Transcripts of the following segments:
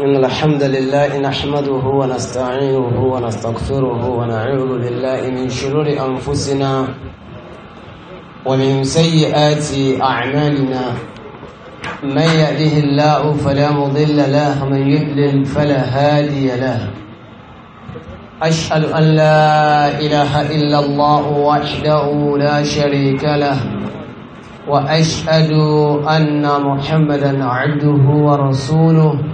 إن الحمد لله نحمده ونستعينه ونستغفره ونعوذ بالله من شرور أنفسنا ومن سيئات أعمالنا من يهده الله فلا مضل له من يضلل فلا هادي له أشهد أن لا إله إلا الله وحده لا شريك له وأشهد أن محمدا عبده ورسوله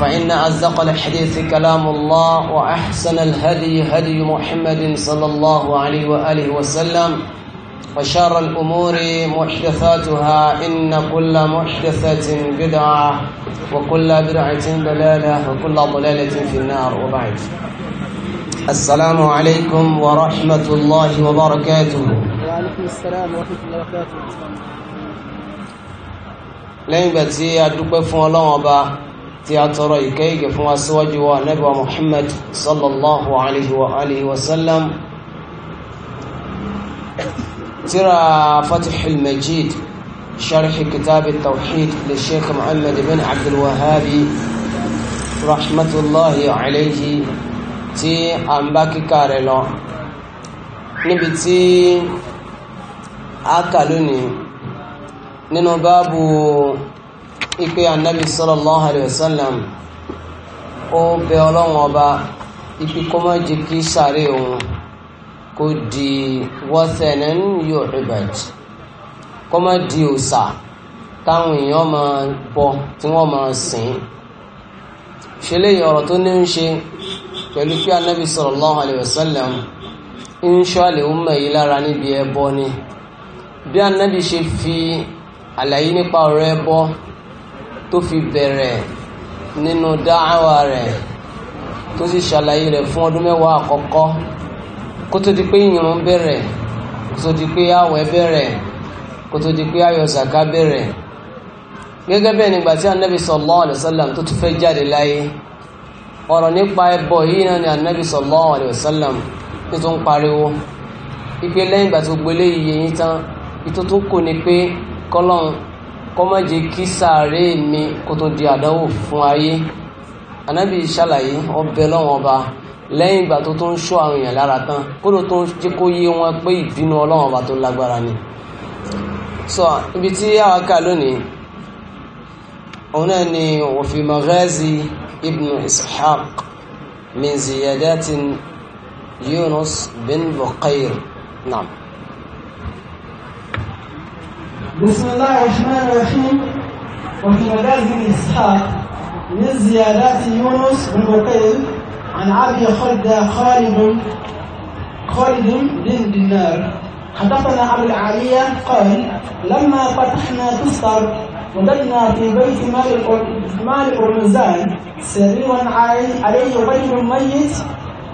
فإن أصدق الحديث كلام الله وأحسن الهدي هدي محمد صلى الله عليه وآله وسلم وشر الأمور محدثاتها إن كل محدثة بدعة وكل بدعة ضلالة وكل ضلالة في النار وبعد السلام عليكم ورحمة الله وبركاته وعليكم السلام ورحمة الله وبركاته لين بتي أدوك فون الله tí a tọrọ ìkẹ́ ìgẹ̀ fún aṣíwájú wa Ànábì wa Muhammad sallallahu alaihi wa alihi wa sallam tírà Fathul Majid sharhi kitab at-tawhid li Sheikh Muhammad bin Abdul rahmatullahi alaihi tí a ń bá kíkà rẹ̀ lọ níbi tí a kà lónìí nínú báàbù ipe anabi sallallahu alayhi wa sallam ó bẹ ọlọ́run ọba ipe kó má jẹ́ kí sáré òun kó di wathanan yu'bad kó má di òòṣà táwọn èèyàn máa bọ tí wọ́n máa sìn ṣe léyìn ọ̀rọ̀ tó ní ń ṣe pẹ̀lú pé anabi sallallahu alayhi wa sallam ń ṣọ́ àlè ń lára níbi ẹbọ ni bí anabi ṣe fi àlàyé nípa ọ̀rọ̀ ẹbọ tó fi bẹ̀rẹ̀ nínú dáhàwá rẹ̀ tó sì ṣàlàyé rẹ̀ fún ọdún mẹ́wàá àkọ́kọ́ kó tó di pé ìrun bẹ̀rẹ̀ kó tó di pé àwẹ̀ bẹ̀rẹ̀ kó tó di pé ayọ̀ zaka bẹ̀rẹ̀ gẹ́gẹ́ bẹ́ẹ̀ nígbà tí anabi sallallahu alayhi wa sallam tó tún fẹ́ jáde láyé ọ̀rọ̀ nípa ẹbọ yìí náà ni anabi sallallahu alayhi wa sallam tó tún pariwo ipe lẹ́yìn ìgbà tó gbélé iye yín tán ìtútù kù ni pé kọ́lọ́n kọ́mọ́ jẹ́ kí sáré mi kó tó di àdánwò fún ayé anábì ṣàlàyé ọbẹ̀ lọ́wọ́n ọba lẹ́yìn ìgbà tó tó ń ṣọ́ àwọn èèyàn lára tán kó ló tó ń jẹ́ kó yé wọn pé ìbínú ọlọ́wọ́n ọba tó lágbára ni sọ ibi tí àwa kà lónìí òun náà ni òfin maghazi ibn ishaq min ziyadatin yunus bin bukair naam. بسم الله الرحمن الرحيم وفي مجاز بن إسحاق من زيادات يونس بن بقيل عن عبد خلد خالد خالد بن دينار حدثنا عبد العالية قال لما فتحنا تستر وجدنا في بيت مال مال أرمزان سريرا عليه بيت ميت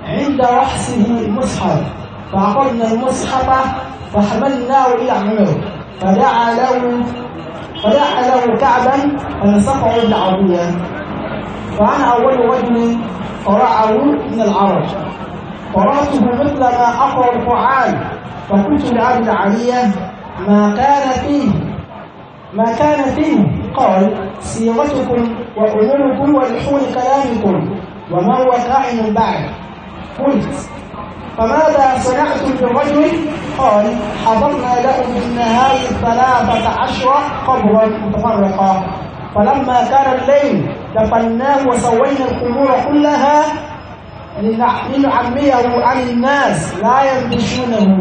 عند رحسه مصحف فعقدنا المصحف فحملناه إلى عمره فدعا له فدعا له كعبا فانصفعوا بالعربية فأنا أول وجه فرعه من العرب قرأته مثل ما أقرأ القرآن فقلت لأبي العالية ما كان فيه ما كان فيه قال سيرتكم وأموركم ولحون كلامكم وما هو كائن بعد قلت فماذا صنعتم بالرجل؟ قال حضرنا له في النهار ثلاثة عشر قبرا متفرقة فلما كان الليل دفناه وسوينا القبور كلها لنعميه عن الناس لا ينبشونه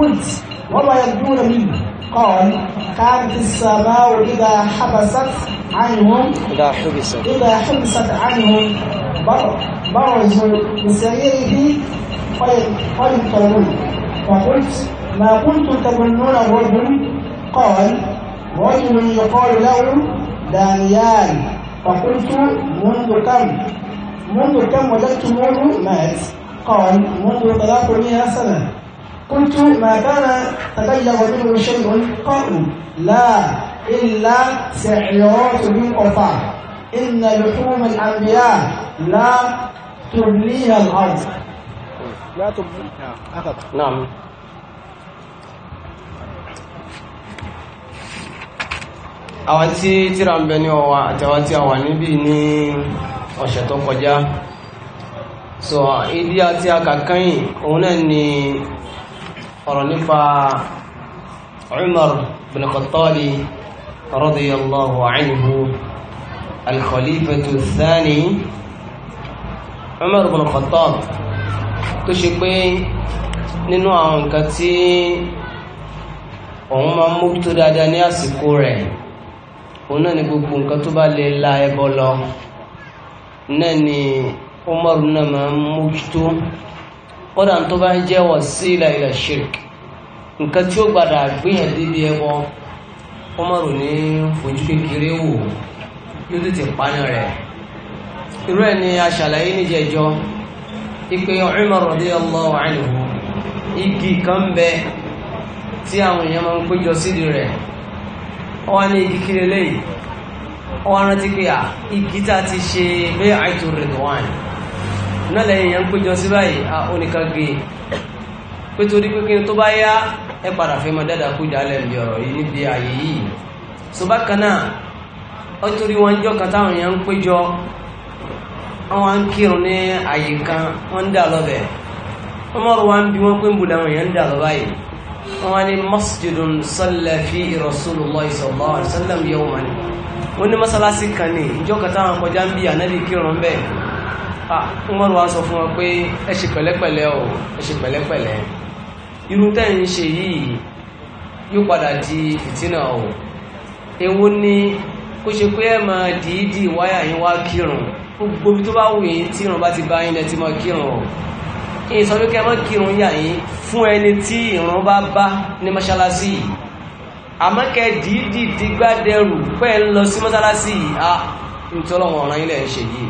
قلت وما يبدون منه قال كانت السماء إذا حبست عنهم إذا حبست إذا حبست عنهم برز بسريره فيضطرون فقلت ما كنتم تظنون الرجل قال رجل يقال له دانيال فقلت منذ كم منذ كم وجدتموه مات قال منذ 300 سنة قلت ما كان تبلغ منه شيء قالوا لا إلا سعيرات بالقطع إن لحوم الأنبياء لا تبليها الأرض لا تب نعم àwọn tí tíra ń bẹ ní ọwà àtàwọn tí a wà níbi ní ọ̀sẹ̀ tó kọjá so ìdí àti akàkẹ́yìn òun náà ni ọ̀rọ̀ nípa Umar bin Khattab radiyallahu anhu thani Umar bin tó ṣe pé nínú àwọn nǹkan tí òun máa ń mójútó dáadáa ní àsìkò rẹ̀ òun náà ni gbogbo nǹkan tó bá lè la ẹbọ lọ náà ni Umar náà máa ń mójútó kódà tó bá ń jẹ́ wasila ila shirk nǹkan tí ó gbàdà gbéyàn débi ẹbọ Umar ní fojú kékeré wò yóò tètè pààyàn rẹ̀ irú ẹ̀ ni aṣàlàyé níjẹ̀jọ́ ipe Umar radiyallahu anhu igi kan bẹ tí àwọn èèyàn máa ń péjọ sídìí rẹ̀ wọ́n wá ní igi kí lélẹ́yìí wọ́n wá rántí pé à igi tá a ti ṣe bẹ́ẹ̀ àìtò Ridwan náà lẹ́yìn èèyàn ń péjọ sí báyìí à oníkagé e. pé torí pé kí tó bá yá ẹ padà fẹ́ máa dáadáa kú ìdálẹ̀ ìbí ọ̀rọ̀ yìí níbi ààyè yìí so bákan náà ó torí wọn jọ́ kan táwọn èèyàn ń péjọ àwọn à ń kírun ní àyè kan wọ́n ń dà lọ́bẹ̀ Umar wa ń bi wọ́n pé ń bù làwọn èèyàn ń dà lọ́bà yìí wọ́n ní masjidun salla fi Rasulullah sallallahu alaihi wasallam yawman wọ́n ní masalasi kan ní ìjọ kata àwọn kọjá ń bi ànábì kírun bẹ́ẹ̀ Umar wa sọ fún wọn pé ẹ ṣe pẹ̀lẹ́pẹ̀lẹ́ o ẹ ṣe pẹ̀lẹ́pẹ̀lẹ́ irú tẹ́ ń ṣe yìí yóò padà di fìtínà o èwo ni kó ṣe pé ẹ máa dìídì wáyà yín wá kírun gbogbo ibi tó bá wù yín tí ìrun bá ti bá yín lẹ ti máa kírun o èyí sọ pé kí ẹ máa kírun yà yín fún ẹni tí ìrun bá bá ní mọ́ṣáláṣí yìí àmọ́ dígbàdẹrù pẹ́ ń lọ sí mọ́ṣáláṣí yìí a ìtọ́lọ́wọ̀n ọ̀ràn ilẹ̀ ń ṣe yìí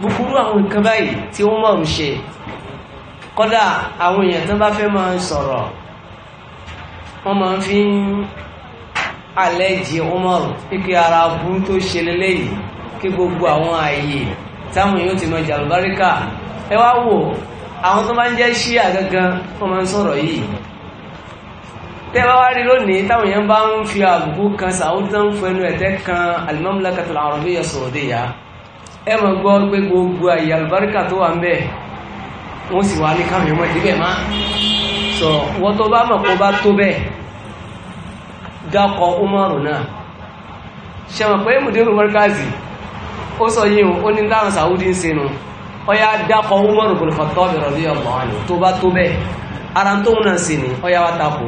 búburú àwọn nǹkan báyìí tí ó mọ̀ ń ṣe kódà àwọn èèyàn tó bá fẹ́ máa ń sọ̀rọ̀ wọ́n máa ń fi alẹ́ jẹ́ ọmọ ìpè ara burú tó ṣe lélẹ́yìí kí gbogbo àwọn ààyè táwọn èèyàn ti mọ jàlùbáríkà ẹ wá wò àwọn tó máa ń jẹ́ ṣíà gangan wọ́n máa ń sọ̀rọ̀ yìí tẹ́ bá wá rí lónìí táwọn èèyàn bá ń fi àbùkù kan sàwọn tó ń fẹnu ẹ̀tẹ́ kan al-Mamlakatul Arabiyya Saudiya ẹ mọ̀ gbọ́ pé gbogbo àyè àlùbáríkà tó wà ń bẹ̀ wọ́n sì wà ní káwọn èèyàn mọ̀ ìdíbẹ̀ má sọ wọ́n tó bá mọ̀ kó bá tó bẹ́ẹ̀ dákọ̀ Umaru náà ṣe mọ̀ pé mùdírù markazi ó sọ yí o ó ní dáhùn sàúdí ń sinú ọya dákọ̀ Umar ibn Khattab radiyallahu anhu tó bá tó bẹ́ẹ̀ ara tó ń náà sí ni ọya wa takò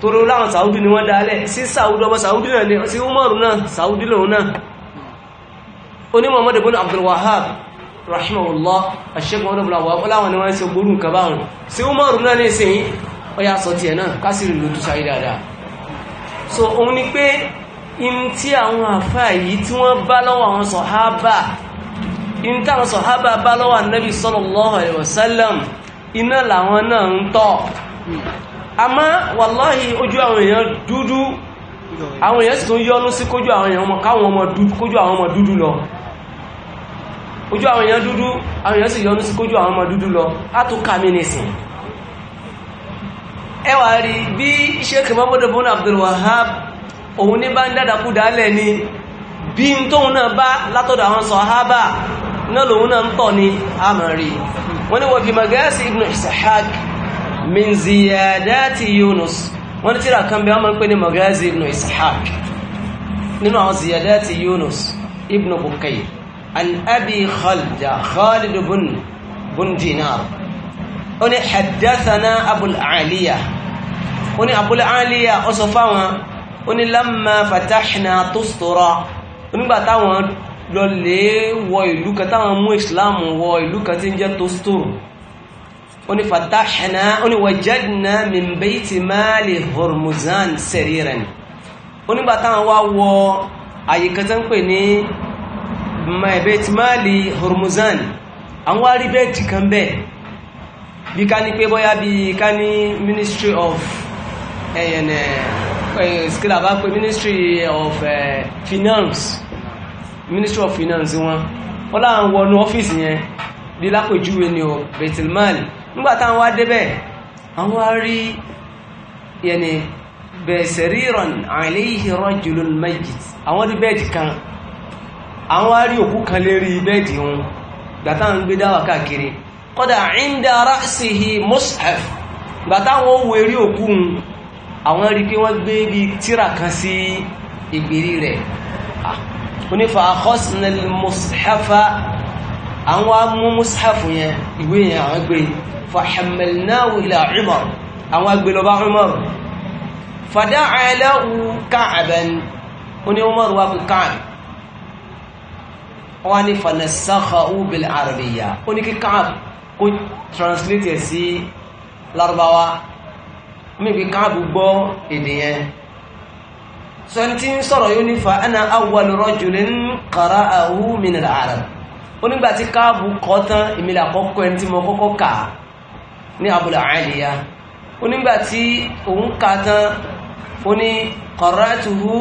torí láwọn sàúdí ni wọ́n dálẹ̀ sí sàúdí ọmọ sàúdí náà ni sí Umar náà sàúdí lòun náà oní Muhammad ibn rahimahullah aṣẹ́gun in tí àwọn àfá yìí tí wọ́n bá lọ́wọ́ àwọn sọ̀hábà in tí àwọn sọ̀hábà bá lọ́wọ́ ànábì sallallahu alaihi wasallam iná làwọn náà ń tọ̀ àmọ́ wàláhì ojú àwọn èèyàn dúdú àwọn èèyàn sì tún yọ́nú sí kójú àwọn èèyàn káwọn ọmọ dúdú kójú àwọn ọmọ dúdú lọ ojú àwọn èèyàn dúdú àwọn èèyàn sì yọ́nú sí kójú àwọn ọmọ dúdú lọ á tún kà mí ẹwà rí bí Sheikh Muhammad ibn òun ní bá ń dádàkú dálẹ̀ ni bí n tóun náà bá látọ̀dọ̀ àwọn sọ̀hábà náà lòun náà ń tọ̀ ni a mọ̀ rí wọ́n ní wọ́n fi magasi ibn ishaq min ziyadati yunus wọ́n ní tíra kan bí wọ́n máa ń pè ní magasi ibn ishaq nínú àwọn ziyadati yunus ibn bukay an abi khalda ó ní lámà fatahna tustura onígbà táwọn lọ lè wọ ìlú kan táwọn mú islam wọ ìlú kan tí ń jẹ́ tustur ó ní fatahna ó ní wajadna min bayti mali hormuzan sariran onígbà táwọn wá wọ àyíká tó ń pè ní mali hormuzan àwọn wá rí bẹ́ẹ̀dì kan bẹ́ẹ̀ bí ká ní pé bóyá bí ká ní ministry of ẹ̀yẹ̀nẹ̀ eh, eh, skill àbá pé ministry of uh, finance ministry of finance wọn wọ́n láwọn wọnú ọ́fíìsì yẹn bí lápèjúwe ni o betelman nígbà táwọn wá débẹ̀ àwọn wá rí yẹni bẹ̀sẹ̀ríran alayhi rajulun majid àwọn rí bẹ́ẹ̀dì kan àwọn wá òkú kan lérí bẹ́ẹ̀dì wọn gbàtà ń gbé dáwà káàkiri kọ́dà inda ra'sihi mushaf gbàtà wọn wo eré òkú wọn àwọn rí pé wọ́n gbé bí tíra kan sí ìgbèrí rẹ̀ onífà àkọsìnlẹ̀ mùsàfà àwọn amú mùsàfù yẹn ìwé yẹn àwọn gbé fàhàmìlnáwò ilẹ̀ Umar àwọn agbèlọba Umar fàdá àìlẹ́wù káàbẹ̀n oní Umar wà fún káàbẹ̀ wọ́n ni níbi káàbù gbọ́ èdè yẹn sọ tí ń sọ̀rọ̀ yóò ní fa ana awwal rajulin qara'ahu min al-arab onígbà tí káàbù kọ́ tán ìmìlẹ̀ àkọ́kọ́ ẹni tí mo kọ́kọ́ kà ní Abul Aliya onígbà tí òun kà tán ó ní qara'tuhu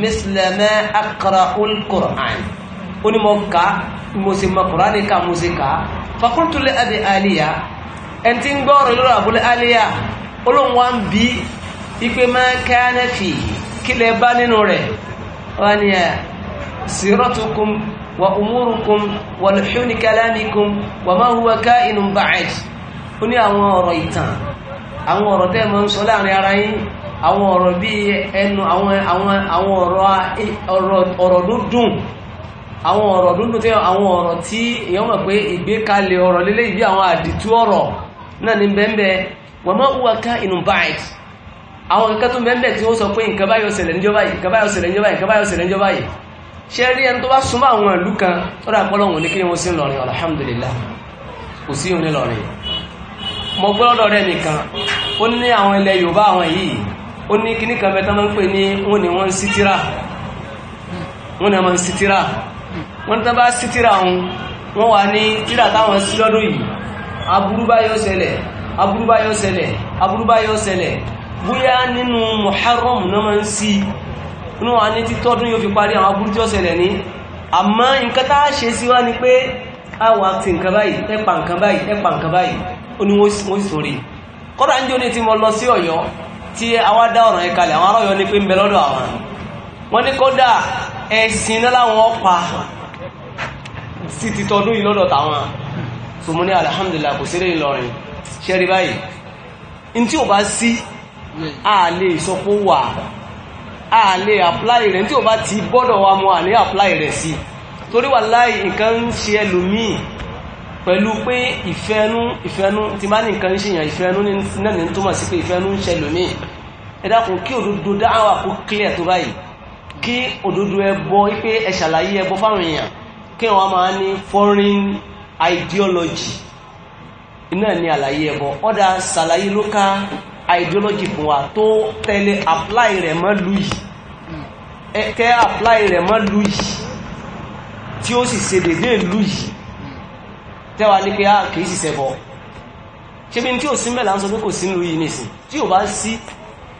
misla ma aqra'ul Qur'an ó ní mo kà mo sì mọ Qur'an ká mo sì kà fa qultu li ẹni tí ń gbọ́ ọ̀rọ̀ olóhùn wa ń bí ipe máa káánà fi kílẹ̀ bá nínú rẹ̀ wọ́n ni siratukum wa umurukum wa luhuni kalamikum wa ma huwa kainun ba'id ó ní àwọn ọ̀rọ̀ ìtàn àwọn ọ̀rọ̀ tẹ́ máa ń sọ láàrin ara yín àwọn ọ̀rọ̀ bíi ẹnu àwọn ọ̀rọ̀ dúndùn àwọn ọ̀rọ̀ dúndùn tí àwọn ọ̀rọ̀ tí èèyàn mọ̀ pé ìgbékalẹ̀ ọ̀rọ̀ bí àwọn àdìtú ọ̀rọ̀ náà ní bẹ́ẹ̀ bẹ́ẹ̀ wọ́n máa wúwa ká inú báyìí àwọn kankan tó mẹ́mẹ́ tí ó sọ pé nǹkan báyọ̀ ṣẹlẹ̀ níjọba yìí nǹkan báyọ̀ ṣẹlẹ̀ níjọba yìí nǹkan báyọ̀ ṣẹlẹ̀ níjọba yìí ń lọrin alhamdulillah kò sí òun ní lọrin mo yìí ó ní kíní kan mẹ́ta máa ń pè ní wọ́n ní wọ́n ń sítírà wọ́n ní wọ́n ń sítírà wọ́n ní tán bá sítírà wọn wọ́n wà ní tírà táwọn sí lọ́dún aburúbá yóò ṣẹlẹ̀ aburúbá yóò ṣẹlẹ̀ bóyá nínú muharram náà máa ń sí inú wa ní títọ́dún yóò fi parí àwọn aburú tí ó ṣẹlẹ̀ ní àmọ́ nǹkan tá a ṣe sí wá ni pé a wà ti nǹkan báyìí ẹ̀pà nǹkan báyìí ẹ̀pà nǹkan báyìí ó ní wọ́n sì sórí kọ́dà ń jó ní tí mo lọ sí ọ̀yọ́ tí àwa dá ọ̀ràn yẹn kalẹ̀ àwọn ará ọ̀yọ́ ní pé ń bẹ lọ́dọ̀ àwọn wọ́n ní kọ́dà ẹ̀sìn náà làwọn pa sí ti tọdún yìí lọ́dọ̀ tàwọn so ní alihamudulilayi kò sí ṣẹ́rí báyìí in tí ò bá sí a ìsọpọ̀ wà a lè apply rẹ̀ tí ò bá ti bọ́dọ̀ wa mọ́ a lè apply rẹ̀ sí torí wà láì nǹkan ń ṣe ẹlòmíì pẹ̀lú pé ìfẹ́nú ìfẹ́nú ti máa ní nǹkan ń ṣèyàn ìfẹ́nú náà ní túmọ̀ sí pé ìfẹ́nú ń ṣe ẹlòmíì ẹ dákun kí òdodo dáhàwà kó clear tó báyìí kí òdodo ẹbọ wípé ẹ ẹbọ fáwọn èèyàn kí wọn máa ní foreign ideology iná ní àlàyé ẹbọ ọ̀dà ṣàlàyé local ideology fún wa tó tẹ́lẹ̀ apply rẹ̀ mọ́ lu yìí kẹ́ apply rẹ̀ mọ́ lu yìí tí ó sì ṣe dédé lu yìí tẹ́wàá ní pé a ah, kìí sì ṣẹbọ ṣe bí tí ò sí mẹ́lá ń sọ pé kò sí lu yìí nìsín tí ò bá sí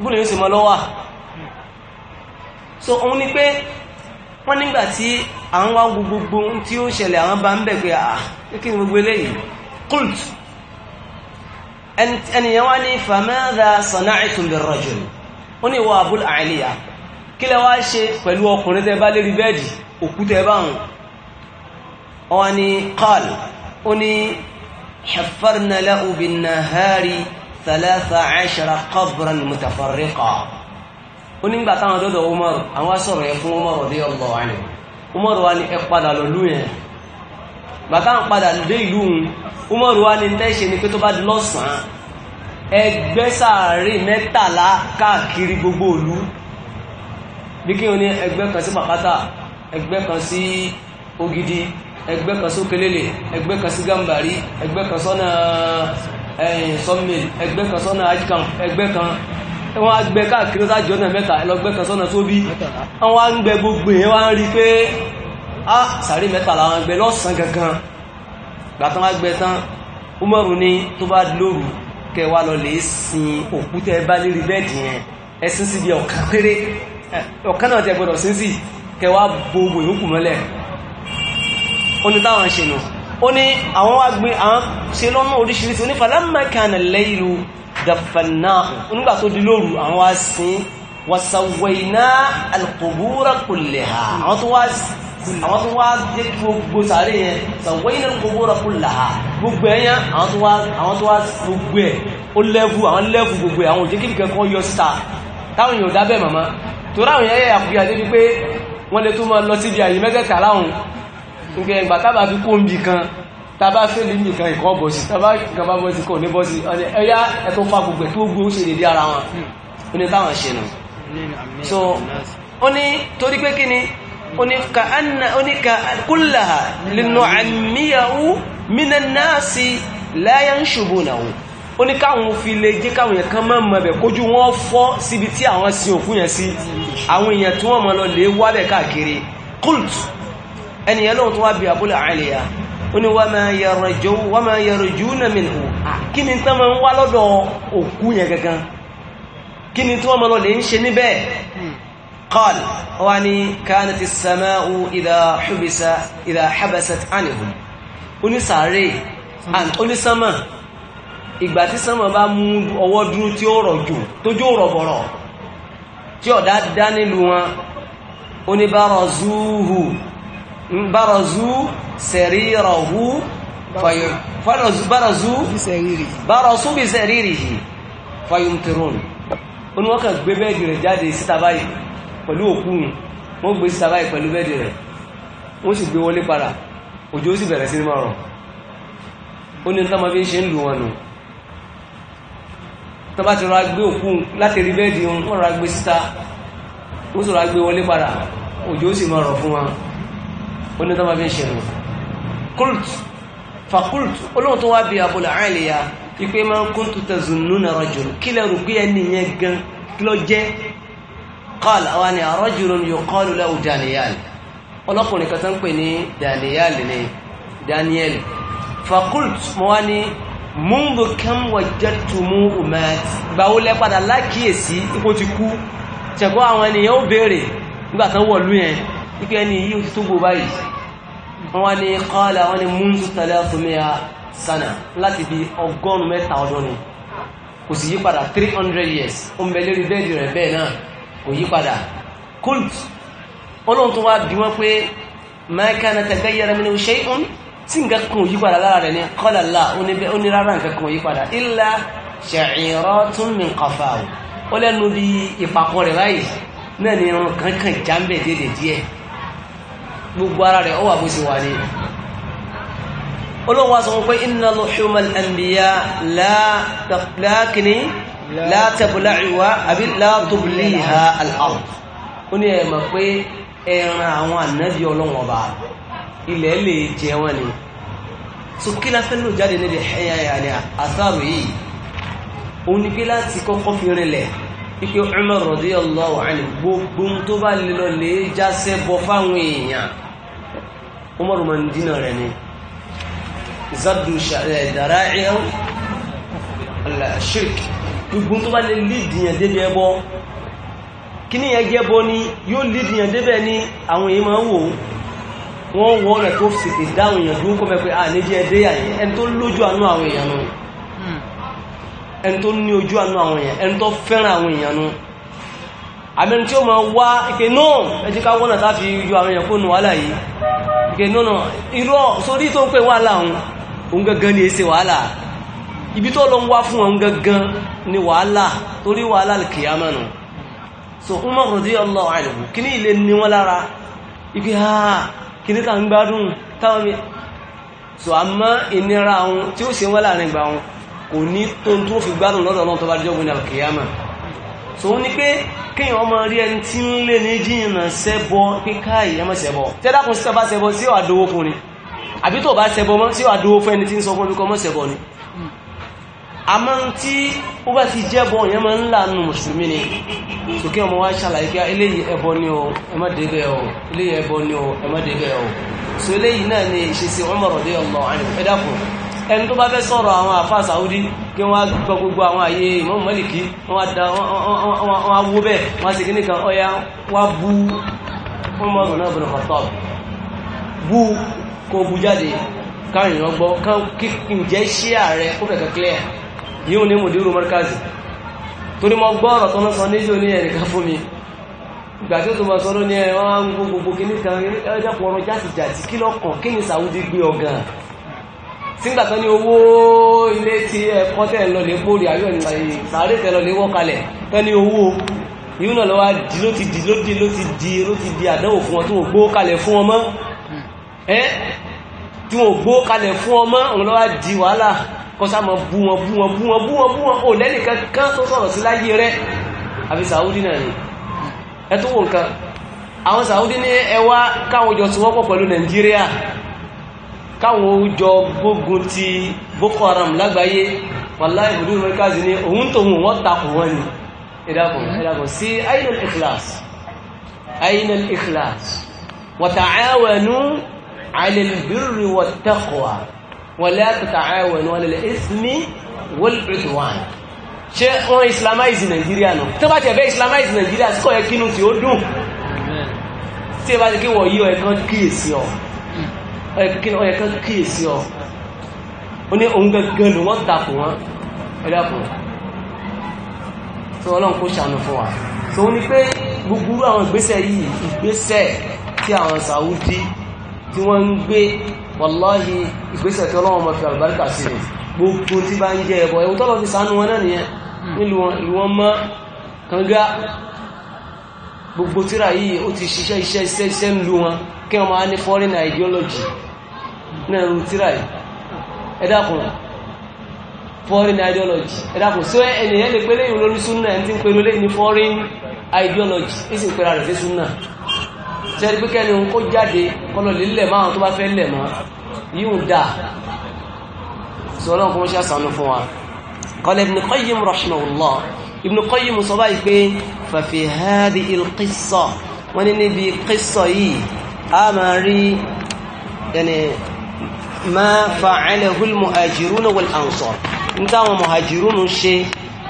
búlẹ̀ yóò sì mọ́ lọ́wà so òun ni pé wọ́n nígbà tí àwọn wá gbogbo tí ó ṣẹlẹ̀ àwọn bá ń bẹ̀ pé à ah, kí ni gbogbo eléyìí cult ẹnìyàn wá ní famadha sana'tum birrajul ó ní ìwọ Abul Aliya kí lẹ wá ṣe pẹ̀lú ọkùnrin tẹ bá lérí bẹ́ẹ̀dì òkútẹ báhùn ọwá ní qal ó ní haffarna lahu bin-nahari thalatha ashara qabran mutafarriqa ó nígbà táwọn dọ́dọ̀ Umar àwọn sọ̀rọ̀ yẹn ní bàtà ń padà dé ìlú òun Umaru wa ni tẹ́ ṣe ni pé tó bá di lọ́sàn-án ẹgbẹ́ sàárè mẹ́tàlá káàkiri gbogbo ìlú bí kí n ní ẹgbẹ́ kan sí pàkátà ẹgbẹ́ kan sí ògidì ẹgbẹ́ kan sókèlélè ẹgbẹ́ kan sí gàmbàrí ẹgbẹ́ kan sọ́nà ẹ̀yìn sọ́mìl ẹgbẹ́ kan sọ́nà ajikam ẹgbẹ́ kan wọ́n á gbẹ káàkiri sájọ́ náà mẹ́ta ẹlọgbẹ́ kan sọ́nà tóbi wọ́n á ń gbẹ gbogbo yẹn wọ́n á rí pé á ah, sàárè mẹ́ta làwọn gbẹ lọ́sàn gangan gbàtán wá gbẹ tán Umaru ní tó bá lóru kẹ wá lọ lè sin òkú tẹ bá lérí bẹ́ẹ̀dì yẹn ẹsìn síbi ọ̀kan péré ọ̀kan náà tẹ gbọdọ̀ sínsì kẹ wá bo gbòyókù mọ́lẹ̀ ó ní táwọn ṣe nù ó ní àwọn wá gbé àwọn ṣe lọ́nà oríṣiríṣi onífàlà mẹ́kànnà lẹ́yìnlú dàfẹ̀nà onígbà tó di lóru àwọn wá sin wasawaina alqubura kullaha àwọn tó wá àwọn tó wá jẹ́ gbogbo sàárè yẹn sọ̀wọ́ iná gbogbo rọ̀ kúlà gbogbo ẹ̀yàn àwọn tó wá gbogbo ẹ̀ ó lẹ́fù àwọn lẹ́fù gbogbo ẹ̀ àwọn òjèkìlì kẹ́kọ́ yọ síta táwọn èèyàn dábẹ̀ màmá tó ráwọn yẹn yẹ àkúyà débi pé wọ́n lè tó máa lọ síbi àyè mẹ́tẹ̀ẹ̀ta láwọn nǹkan ìgbà tábà fi kó ń kan tábà fẹ́ lè nìkan ìkọ́ bọ́sì tábà kan bá bọ́sì ní bọ́sì ẹ̀yà ẹ̀ hmm. so ó ní torí pé oníka anna oníka kúláha lẹ́nu àmìyàwó mina náàsì láyà ń ṣubú náà ó ní káwọn fi lè jẹ́ káwọn èèyàn kan máa mọ̀ bẹ̀ kójú wọn fọ́ síbi tí àwọn sin òkú yẹn sí àwọn èèyàn tí wọ́n mọ̀ lọ lè wá bẹ̀ káàkiri kult ẹnìyàn lóhun tó wá bí abúlé àìlèyà ó ní wọ́n máa yẹrọ jù wọ́n máa yẹrọ jù náà mi nù ah, kí ni tán máa ń wá lọ́dọ̀ òkú yẹn gangan kí ni tí wọ́n mọ̀ lọ lè ń ṣe níbẹ̀ قال واني كانت السماء إذا حبس إذا حبست عنهم oni sare an oni sama ìgbà tí sama bá mú ọwọ́ dúró tí ó rojo tojo roboro tí ó da da nílùú wọn oni barazuhu barazu sarirahu fayarazu barazu bi sariri barazu bi saririhi fayumtirun oni wọ́n kàn gbé bẹ́ẹ̀dì rẹ̀ jáde síta báyìí pẹ̀lú òkú wọn gbé sára ẹ̀ pẹ̀lú bẹ́ẹ̀dì rẹ̀ wọ́n sì gbé wọlé padà òjò sì bẹ̀rẹ̀ sí máa rọ̀ ó ní tọ́mọ bí ń ṣe ń lù wọn nù tọ́ bá ti rọra gbé òkú láti rí bẹ́ẹ̀dì wọn rọra gbé síta wọ́n sì rọra gbé wọlé padà òjò sì máa fún wọn ó ní tọ́mọ bí ṣe nù kult fakult olóhùn tó wá bí abúlé àìlèyà ipe máa ń kún tuntun zùnú nàrọ̀ jù kílẹ̀ rògbé ẹni yẹn gan kílọ̀ jẹ́ قال أواني رجل يقال له دانيال ọlọ́kùnrin kan tó ń pè ní daniel ni daniel fakult mo wá ní mundu kam wajadtumu umat ìgbàwó lẹ́padà lákìyèsí ipò ti kú ṣẹ̀kọ́ àwọn ènìyàn ó béèrè nígbà tán wọ̀lú yẹn ipé ẹni yìí ó ti tó gbò báyìí wọ́n wá ní qala wọ́n ní mundu thalathumia sana láti bí ọgọ́rùn-ún mẹ́ta ọdún ni kò sì yípadà 300 years ó ń bẹ lérí bẹ́ẹ̀dì rẹ̀ bẹ́ẹ̀ náà kò yí padà kult ọlọ́run tó wá bí wọ́n pé mẹ́ẹ̀ká náà tẹ̀gbẹ́ yẹra mi ní ṣe ń tí nǹkan kan yí padà lára rẹ̀ ní kọ́làlá onírárá nǹkan kan yí padà illa sha'iratun min qafaw ó lẹ́nu bí ìpapọ̀ rẹ̀ báyìí náà ni irun kankan jáǹbẹ̀ látẹ̀bùlá ìwá àbí látọ̀bùlí ìhà al'arù ó ní ẹ̀mọ̀ pé ẹran àwọn ànábì ọlọ́wọ̀n ọba ilẹ̀ lè jẹ wọn ni so kí la fẹ́ lò jáde níbi ẹ̀yà ni àsáàrù yìí ó ní pé láti kọ́kọ́ fi rinlẹ̀ ike Umar radiyallahu anhu gbogbo tó bá lè lídìyàn débi ẹbọ kí ní ẹgẹ́ bọ ni yóò lídìyàn débẹ̀ ní àwọn èèyàn máa wò wọ́n wọ́n rẹ̀ tó fìtì dáhùn èèyàn dúró kọ́ mẹ́pẹ́ à níjẹ́ ẹdẹ́ àyè ẹni tó lójú àánú àwọn èèyàn nu hmm. ẹni tó ní ojú àánú àwọn èèyàn ẹni tó fẹ́ràn àwọn èèyàn nu àmẹ́ni tí ó máa wá ike náà ẹjẹ́ ká wọ́n náà láti yọ àwọn èèyàn kó nu wàhálà yìí ike náà irọ́ sórí tó ń pè wàhálà òun òun gẹ́gẹ́ ni èsè wàhálà ibi tó lọ ń wá fún wọn gangan ni wàhálà torí wàhálà kìyàmà nù so Umar radiyallahu anhu kí ní ilé ní wọn lára ibi ha kí ní ta ń gbádùn táwọn mi so àmọ́ ìnira àwọn tí ó ṣe wọ́n láàrin gbà wọn kò ní tó tó fi gbádùn lọ́dọ̀ náà tó bá jọ́gbìn ní alkiyama so ó ní pé kíyàn ọmọ rí ẹni tí ń lé ní jìnnà sẹ́bọ pé káàyè ẹmọ sẹ́bọ tẹ́lákùn sí ọba sẹ́bọ sí ọ̀dọ́wọ́ fún ni àbí tó bá sẹ́bọ mọ́ sí ọ̀dọ́wọ́ fún ẹni tí ń sọ fún ọmọ sẹ́bọ ni àmọ́ tí ó bá ti jẹ́ bọ́ yẹn máa ń lànà mùsùlùmí ni wa ṣàlàyé pé ah, eléyìí ẹbọ ni o ẹ má eléyìí ẹbọ ni so eléyìí náà ni ìṣesí Umar radiyallahu anhu ẹ ẹni tó bá fẹ́ sọ̀rọ̀ àwọn àfa Saudi kí wọ́n gbọ́ gbogbo àwọn Maliki wọ́n bu yíò ní mùdírù markazi torí mọ gbọ́ọ̀rọ̀ tó mọ́sán níjò ní ẹ̀ríká fún mi ìgbà ó tó mọ́ sọ ní ẹ wọ́n kí ni sàwúdí gbé ọ̀gàn sígbà tó ní owó ilé tí ẹ̀kọ́ tẹ̀ lọ lè gbórí ayọ́ ìsàárè tẹ̀ lọ lè wọ́ kalẹ̀ tó ní owó yíò náà lọ́wọ́ di ló ti di ló ti ló ti di ló ti di àdánwò fún wọn tó wọ́n gbó kalẹ̀ fún hmm. tí wọ́n gbó kalẹ̀ fún ọmọ òun lọ́wọ́ di wàhálà kọ́ sá mọ́ bú wọn bú wọn bú wọn bú wọn bú wọn ò lẹ́nìkan kan tó sọ̀rọ̀ sí láyé rẹ̀ àfi sàúdí náà ni ẹ tó wò nǹkan àwọn sàúdí ní ẹwà káwọn jọ sọwọ́pọ̀ pẹ̀lú nàìjíríà káwọn jọ gbógun ti boko haram lágbàáyé wàlá ìbùdó mẹ́kàzì ní òun tóhun wọ́n takò wọn ni ìdàkùn sí ainul ikhlas ainul ikhlas wa ta'awanu 'ala wala tata'awanu 'ala al-ithmi wal-'udwan ṣe wọ́n islamize Nigeria nù tó bá tẹ̀bẹ́ islamize Nigeria sí kọ̀ọ̀yẹ́ kínú tí ó dùn tí ẹ bá ti kí wọ̀ yí ọ̀ẹ̀kan kíyèsí ọ̀ ọ̀ẹ̀kan kíyèsí ọ̀ ó ní ohun gẹ́gẹ́ lù wọ́n takò wọn ẹ̀dàkùn tó ọlọ́run kó wàláhì ìgbésẹ̀ tí ọlọ́wọ́n mọ̀ fi àlùbáríkà sí ni gbogbo tí bá ń jẹ ẹ̀bọ̀ ẹ̀wọ̀n tọ́lọ́ ti sánú wọn náà nìyẹn nílùú wọn mọ́ kanga gbogbo tíra yìí ó ti ṣiṣẹ́ iṣẹ́ iṣẹ́ iṣẹ́ wọn kí wọ́n máa ní foreign ideology náà ru tíra yìí ẹ foreign ideology ẹ dákun sí ẹnìyẹn lè pélé ìròlórí súnà ẹni foreign ideology ó sì ń pera sẹ́rí pé kẹ́ni ń kó jáde kọ́lọ lílẹ̀ máa tó bá fẹ́ lẹ̀ mọ́ yíò dà sọ́lọ́n kó ṣe àsànú fún wa qala Ibn Qayyim rahimahullah Ibn Qayyim sọ báyìí pé fa fi hadhihi wọ́n ní níbi qissa yìí a máa rí yẹni ma fa'alahu al-muhajirun wal-ansar ní táwọn muhajirun ṣe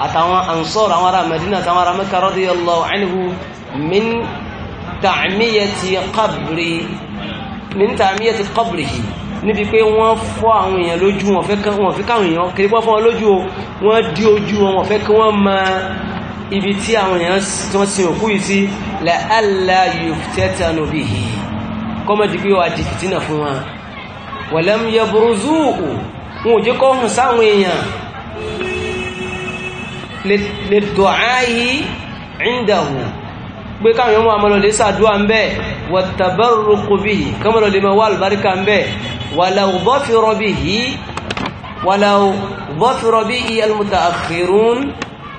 àtàwọn ansar àwọn ará Madina àtàwọn ará Mẹ́kà radiyallahu anhu min تعمية kábìrì من تعمية kábìrì yìí níbi pé wọ́n fọ́ àwọn èèyàn lójú wọn fẹ́ wọ́n fi káwọn èèyàn kiri pọ́ fún wọn lójú o wọ́n dí ojú wọn wọ́n fẹ́ kí wọ́n mọ ibi tí àwọn èèyàn tí wọ́n sin òkú yìí sí la alla pé káwọn yọmọ àmọ́lọ́lẹ́ sàdúwà ń bẹ́ wàtàbárùkù bí i kọmọlọ́lẹ́ ma wà albáríkà ń bẹ́ wàlàwọ́fìrọ̀ bí i almuta àkìrún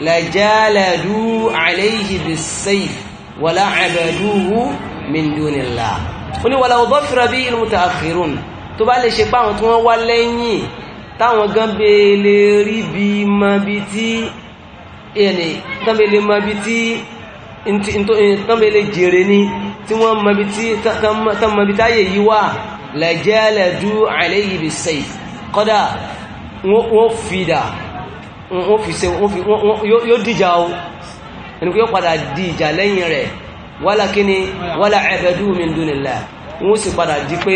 lajálàdú aláìhì bí saif wàlá àbàdúhu mindunilá ó ní wàlàwọ́fìrọ̀ bí i almuta àkìrún tó bá lè ṣe páwọn tí Eh, tánbẹ̀lẹ̀ jèrè ní tí wọ́n mọ̀bí táyè yí wà lẹ́jẹ́lẹ̀dú alayhi bis-sayf kọ́dá wọ́n fìdà wọ́n fi se yóò dìjà o ẹni kò yóò padà dìjà lẹ́yìn rẹ̀ wala kíni wala abadu min dunillah wọ́n sì padà di pé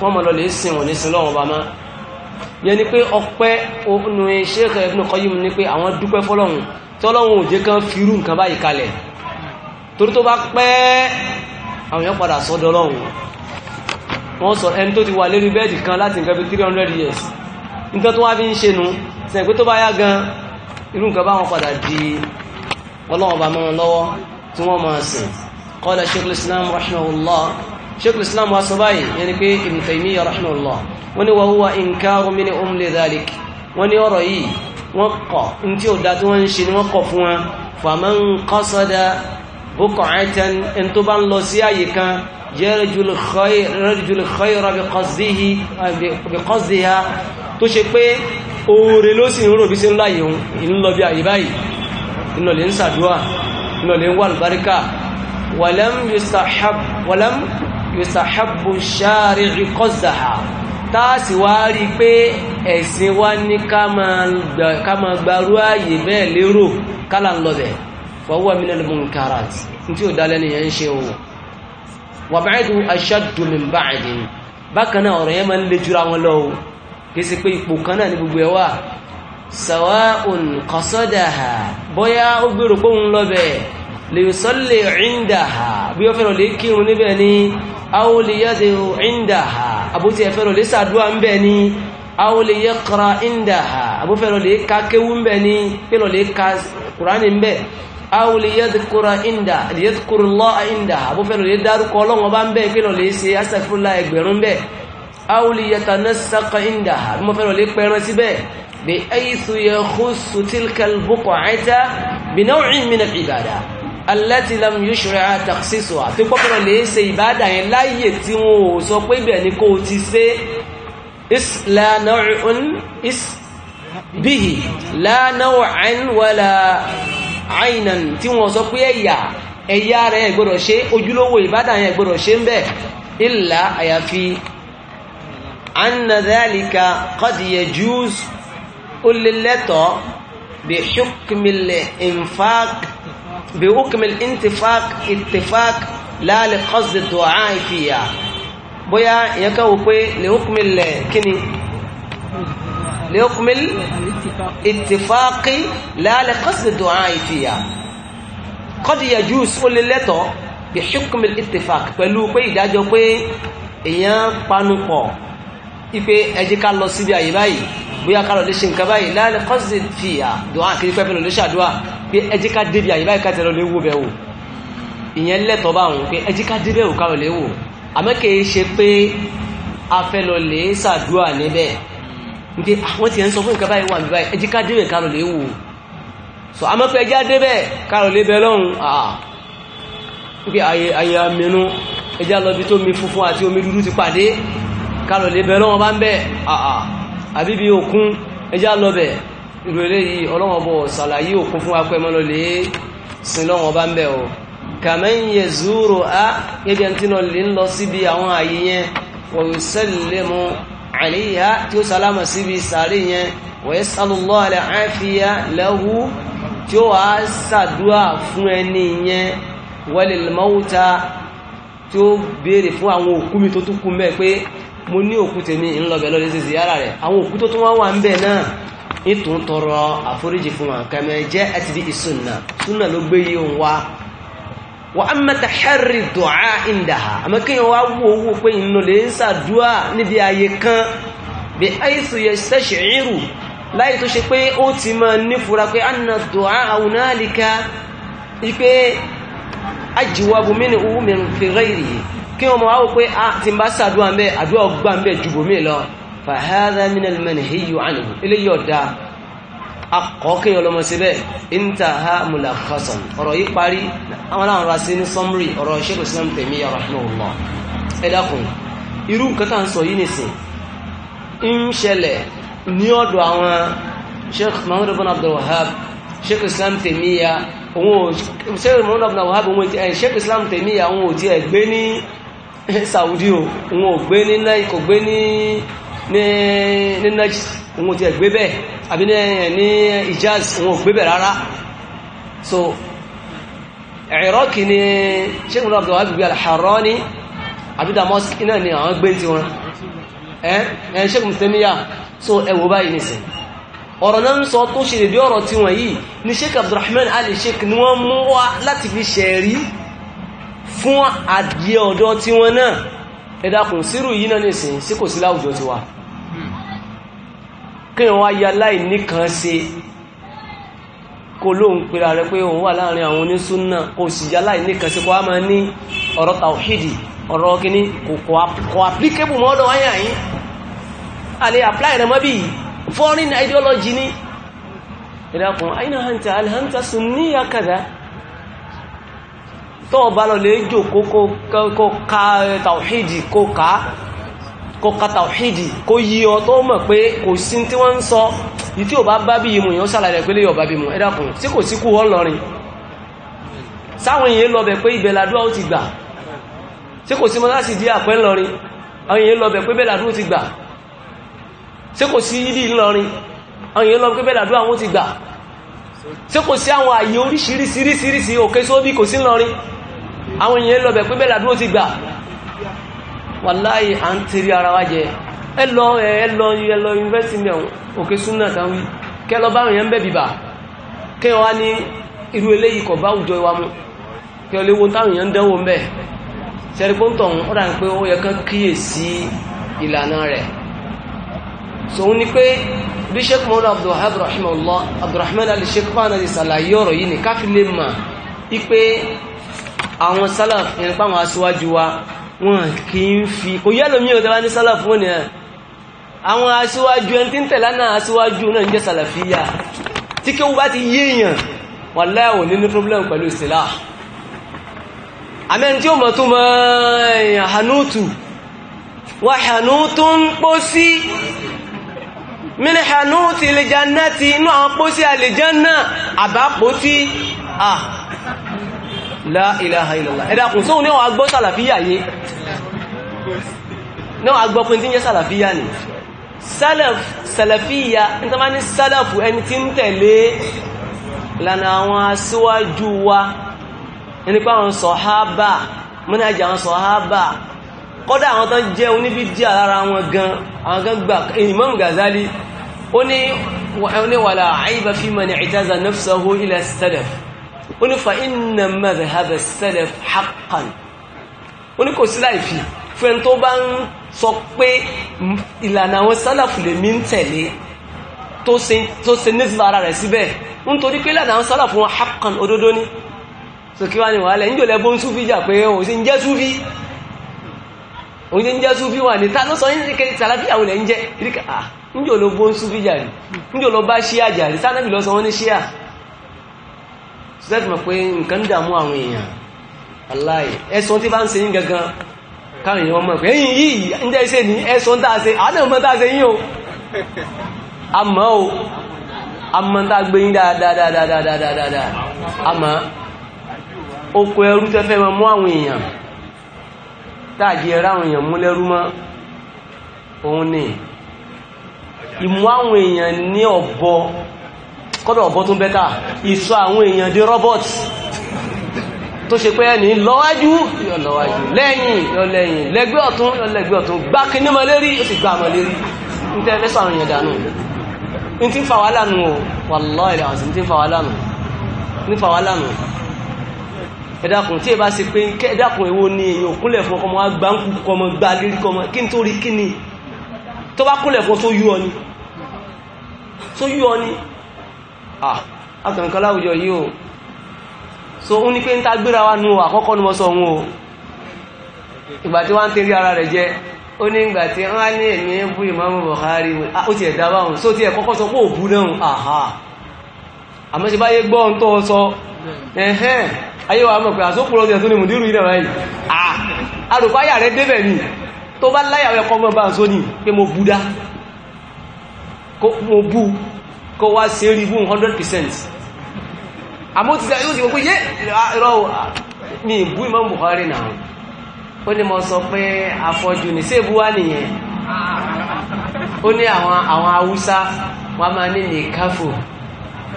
wọ́n mọ̀ lọ́lẹ̀ sìn wọ́n ní sin lọ́wọ́ bá má yẹn ni pé ọpẹ́ ònú Sheikh tọ́lọ́wọ́n òjé kan firú nǹkan báyìí kalẹ̀ torí tó bá pẹ́ àwọn èèyàn padà sọ́dọ̀ ọlọ́run wọ́n sọ ẹni tó ti wà lérí bẹ́ẹ̀dì kan láti nǹkan bí 300 years nǹkan tó wá fi ń ṣe nu sẹ́yìn pé tó bá yá gan irú nǹkan báwọn padà di ọlọ́run bá mọ́wọn lọ́wọ́ tí wọ́n islam rahimahullah sheikh islam wa sọ báyìí yẹn ni pé ibn min umli dhalik wọ́n ni ọ̀rọ̀ wọ́n kọ̀ ní tí ò dá tí wọ́n ń ṣe ni wọ́n kọ̀ fún wọn fàmọ́ ń kọ́ sọ́dá bókọ̀ ẹ̀tẹ́n ẹni tó bá ń lọ sí àyè kan yẹ́rẹ́jùlẹ̀ xọ́yọ̀rọ̀ bí kọ́sí ha tó ṣe pé oore ló sì ń rò bí sí ńlá yìí ń lọ bí àyè báyìí iná ń sàdúà iná ń wà lùbáríkà wàlẹ́m yusahabu ṣáàrì kọ́sí ha táàsì wá rí i pé ẹ̀sìn wa ní ká máa gbarú ààyè bẹ́ẹ̀ lérò kálà ń lọ́bẹ̀ fọwọ́ mi náà mún karat tí ó dálẹ́ ni yẹn ṣe o wà báyìí aṣáájú mi báyìí bákan náà ọ̀rọ̀ yẹn máa ń le jura wọn lọ o kì í ṣe pé ipò kan náà ní gbogbo ẹ̀ wà sàwọn òǹkọ́sọ́dà bóyá ó gbèrò pé òun lọ́bẹ̀ẹ́ lè sọ́lẹ̀ ìndàhà bí ó fẹ́rọ̀ lè kírun níbẹ̀ ni àwọn lè yáde ìndàhà àbútí ẹ fẹ́rọ̀ lè sàdúwà ń bẹ̀ ni àwọn lè yẹ kọ́ra ìndàhà àbúfẹ́rọ̀ lè ka kéwú ń bẹ̀ ni fẹ́rọ̀ lè ka kùránì ń bẹ̀ àwọn lè yẹ́dì kúrò ìndà lè yẹ́dì kúrò lọ́ ìndà àbúfẹ́rọ̀ lè dárúkọ ọlọ́wọ́n bá ń allati lam yushra' takhsisuha àti pọ́pọ́rọ̀ lè ṣe ìbádà yẹn láyè tí wọn ò sọ pé ibẹ̀ ni kò ti ṣe islana'un is bihi la naw'an wala aynan tí wọn sọ pé ẹ̀yà ẹ̀yà rẹ̀ ẹ ṣe ojúlówó ìbádà yẹn ẹ ṣe ń bẹ̀ illa àyàfi anna dhalika qad ó lè lẹ́tọ̀ọ́ bi hukmil infaq بحكم الانتفاق اتفاق لا لقصد الدعاء فيها بويا يكو بي لحكم الكني لحكم الاتفاق لا لقصد الدعاء فيها قد يجوز قل لتو بحكم الاتفاق pẹ̀lú pé ìdájọ́ pé èèyàn panupọ̀ ipe ẹjí ká lọ síbi àyè báyìí bóyá ká lọ lè ṣe nǹkan báyìí láàrín kọ́sìtì fìyà dùn àkìrí pẹ́pẹ́ lọ lè ṣàdúrà pé ẹjí ká débi àyíká ìkàtẹ̀ lọ lè wò bẹ̀ wò ìyẹn lẹ́tọ̀ bá wọn pé ẹjí ká débẹ̀ wò ká lọ lè wò àmọ́ ṣe pé a fẹ́ lọ lè ṣàdúrà níbẹ̀ níbi àwọn ah, tiẹ̀ ń sọ fún nǹkan báyìí wà níbẹ̀ ẹjí ká débẹ̀ ká lọ lè so àmọ́ pé ẹjí á débẹ̀ ká lọ lè bẹ lọ́hùn níbi àyè àyè àmínú ẹjí á lọ bí tó mi funfun àti omi dúdú ti pàdé ká lọ lè bẹ lọ́wọ́ bá ń bẹ̀ àbíbi òkun ẹjí á lọ bẹ̀ irú eléyìí ọlọ́wọ́n bọ̀ ṣàlàyé òkun fún apẹ́ mọ́ lọ́lẹ́ sin lọ́wọ́n bá ń bẹ̀ o kàmẹ́yìn zúrò á gẹ́gẹ́ tí lọ lè ń lọ síbi àwọn àyè yẹn wọ̀wí sẹ́lẹ̀mú àríyá tí ó sálámà síbi sàárè yẹn wọ̀yẹ́ sálùlọ́ alẹ́ àáfíà lẹ́hu tí ó wà á sàdúà fún ẹni yẹn wọlé mọ́wúta tí ó béèrè fún àwọn òkú mi tó tún kú mẹ́ pé mo ní òkú tèmi ńlọbẹ̀ lọ́lẹ́sẹ̀ ìtún tọrọ àforíjì fún wa kama ja'at bi sunna sunna ló gbé yìí ń wá wa amma tahri du'a indaha àmọ́ kí wọ́n wá wò ó pé ìnà lè ń sàdúà níbi ààyè kan bí àìsù yastash'iru láì tó ṣe pé ó ti máa nífura pé anna du'a hunalika ipe ajiwabu minhu min fi ghayrihi kí wọ́n máa wò pé a ah, ti bá sàdúà ń àdúà gbà ń bẹ́ jùbọ̀ lọ fàhádà mínal manhiyu anhu eléyìí ọ̀dà akọ̀ọ́kẹ́ ọlọ́mọ sí bẹ́ẹ̀ intaha mulakhasan ọ̀rọ̀ yìí parí àwọn aláwọ̀ ra sí ní summary ọ̀rọ̀ Sheikh Islam Taymiyya rahimahullah ẹ dákun irú nǹkan tá à ń sọ yìí nìsín ń ṣẹlẹ̀ ní ọ̀dọ̀ àwọn Sheikh Muhammad ibn Abdul Wahhab Sheikh Islam Taymiyya òun ò Sheikh Muhammad ibn Abdul Wahhab òun ò Sheikh Islam Taymiyya òun ò tiẹ̀ gbé ní Saudi o òun ò gbé ní náà kò gbé ní ní ní next òun ti ẹ̀gbé bẹ́ẹ̀ àbí ní Hijaz òun ò gbé bẹ́ẹ̀ rárá so Iraq ni Sheikh Abdul Wahab gbé Al-Harani àbí Damascus náà ni àwọn gbé ti wọn ẹ ẹ Sheikh so ẹ wò báyìí nìsín ọ̀rọ̀ náà ń sọ tó ṣe lè bí ọ̀rọ̀ tí wọ́n yìí ni Sheikh Abdurrahman Ali Sheikh ni wọ́n mú wá láti fi ṣẹ̀rí fún àdìẹ ọ̀dọ́ tí wọ́n ẹ̀dàkùn sírù yìí náà sí kò sí láwùjọ tiwa kéèyàn wá ya láì nìkan ṣe kó lóun pèrà rẹ pé òun wà láàrin àwọn onísúnà kò sì ya láì nìkan ṣe a máa ní ọ̀rọ̀ tàwíìdì ọ̀rọ̀ kíní kò àplíkébù mọ́ ọ̀dọ̀ wáyà apply foreign ideology ni lọ lè jò kó ká tàwíìdì kó kó ka tàwíìdì kó yí ọ tó mọ̀ pé kò sí tí wọ́n ń sọ yìí tí ò bá bá bí yìí mu èèyàn ṣàlàyé pé léyìn ọba bí mu ẹ dákun tí kò síkú wọn lọrin sáwọn èèyàn lọ bẹ pé ibẹ̀ làdúrà ó ti gbà tí kò sí mọ́tàsí di àpẹ́ ńlọrin àwọn èèyàn lọ bẹ pé bẹ́ẹ̀ làdúrà ó ti gbà tí kò sí yídì ńlọrin àwọn èèyàn lọ bẹ pé bẹ́ẹ̀ làdúrà ó ti gbà tí kò sí àwọn ó ti gbà wàláyé à ń tẹ̀rí ara wa jẹ ẹ lọ ẹ lọ ẹ lọ yunifásitì ní ọ̀hún òkè súnà tán wí kẹ lọ báwọn yẹn ń bẹ̀ bìbà kẹ wá ní irú eléyìí kọ̀ bá àwùjọ wa mu kẹ lè wo táwọn yẹn ń dánwò mbẹ sẹ́rìpọ́ntọ̀ ń rà ń pé ó yẹ kán àwọn sálàf pàwọn aṣíwájú wa wọn kì í fi kò yẹ́ lómi ọ̀tẹ́ bá ní sálàfí wọn ni ẹ̀ àwọn aṣíwájú ẹni tí ń tẹ̀lá náà aṣíwájú náà ń jẹ́ sàlàfíyà tí kéwú bá ti yéèyàn wà láàwò nínú problem pẹ̀lú ìsìlá àmẹ́ni tí ó mọ̀ tó mọ́ hanútù wà hanútù ń pọ́ sí mini hanútù lè jannati inú àwọn pọ́ sí àlèjánná àbápótí ah, la ilaha illallah ẹ̀dà kùn sóhun ní wọ́n agbọ́ sàlàfíyà yé ní wọ́n agbọ́ pín tí ń jẹ́ sàlàfíyà ni salaf sàlàfíyà ní tàbí ní sálàfù ẹni tí ń tẹ̀lé lànà àwọn aṣíwájú wa ẹni pé àwọn sọ̀hábà mọ́nájà àwọn sọ̀hábà kọ́dá àwọn tán jẹ́ oníbídíà lára wọn gan àwọn gan gbà Imam Ghazali ó ní ó ní fa inna madhhab as-salaf haqqan ó ní kò sí láì fi fún ẹni tó bá ń sọ pé ìlànà àwọn sálàfù lè mí ń tẹ̀lé tó ṣe nísìlá ara rẹ̀ síbẹ̀ nítorí pé ìlànà àwọn sálàfù wọn haqqan òdodo ni sókè wá ní wàhálẹ̀ níjò lẹ́bọ́ ń súfí jà pé òun sí ń jẹ́ súfí òun sí ń jẹ́ súfí wà ní tánú sọ ní kẹrì sàláfíà wọlé ń jẹ́ níjò ah, ló bó ń súfí jà rí níjò ló bá ṣíà jà rí sánàbì lọ́sọ wọn ní ṣíà sẹ́tì mọ̀ pé nǹkan dàmú àwọn èèyàn aláì ẹ̀sùn tí bá ń ṣe yín gangan káwọn èèyàn mọ̀ pé ẹ̀yìn yìí ń jẹ́ iṣẹ́ ní ẹ̀sùn tá a ṣe àádọ́rùn mọ́ tá a ṣe yín o àmọ́ o àmọ́ tá a gbé yín dáadáadáadáadáa àmọ́ oko ẹrú tẹ́fẹ́ mọ́ mú àwọn èèyàn táàjì ẹ̀rọ àwọn èèyàn mú lẹ́rú mọ́ òun ni ìmú àwọn èèyàn ní ọ̀bọ kọ́dọ̀ ọ̀bọ̀ tún bẹ́ta ìsọ àwọn èèyàn di robot tó ṣe pé ẹni lọ́wájú yọ lọ́wájú lẹ́yìn yọ lẹ́yìn lẹ́gbẹ́ ọ̀tún yọ lẹ́gbẹ́ ọ̀tún gbá kíní mọ́ lérí ó sì gbá mọ́ lérí fa wàhálà nù wallahi ìlànà sí fa wàhálà nù ń fa wàhálà nù ẹ̀dàkùn tí ẹ bá ṣe pé ẹ̀dàkùn èwo ni èyàn kúnlẹ̀ fún ọkọ̀ wọn gbá ń kú kọmọ gbá lérí kọmọ kí n tó rí kí ni tó bá kúnlẹ̀ fún tó yú ọ ni àkànkan láwùjọ yìí o so ó ní pé ń ta gbéra wa nu àkọ́kọ́ ni mo sọ òun o ìgbà tí wọ́n ń tẹ́rí ara rẹ̀ jẹ ó ní ìgbà tí wọ́n á ní èmi bú ìmáàmù Buhari ó ti ẹ̀dá báwọn so ti ẹ̀ kọ́kọ́ sọ pé òbú náà àhà àmọ́ ṣe báyé gbọ́ ń tọ́ sọ ni mùdírù ìdẹ̀ báyìí àrùkọ́ ayà rẹ̀ ni tó bá láyàwó ẹ̀kọ́ mọ́ bá ń só ní pé mo kó wá sí rí bú 100% àmọ́ ti sẹ́ yóò ti gbogbo yé ìrọ̀ ní ìbú Imam Bukhari náà ó ní mo sọ pé afọ́jú ní sí ìbúwá nìyẹn ó ní àwọn àwọn Haúsá wọ́n máa ní nìkáfò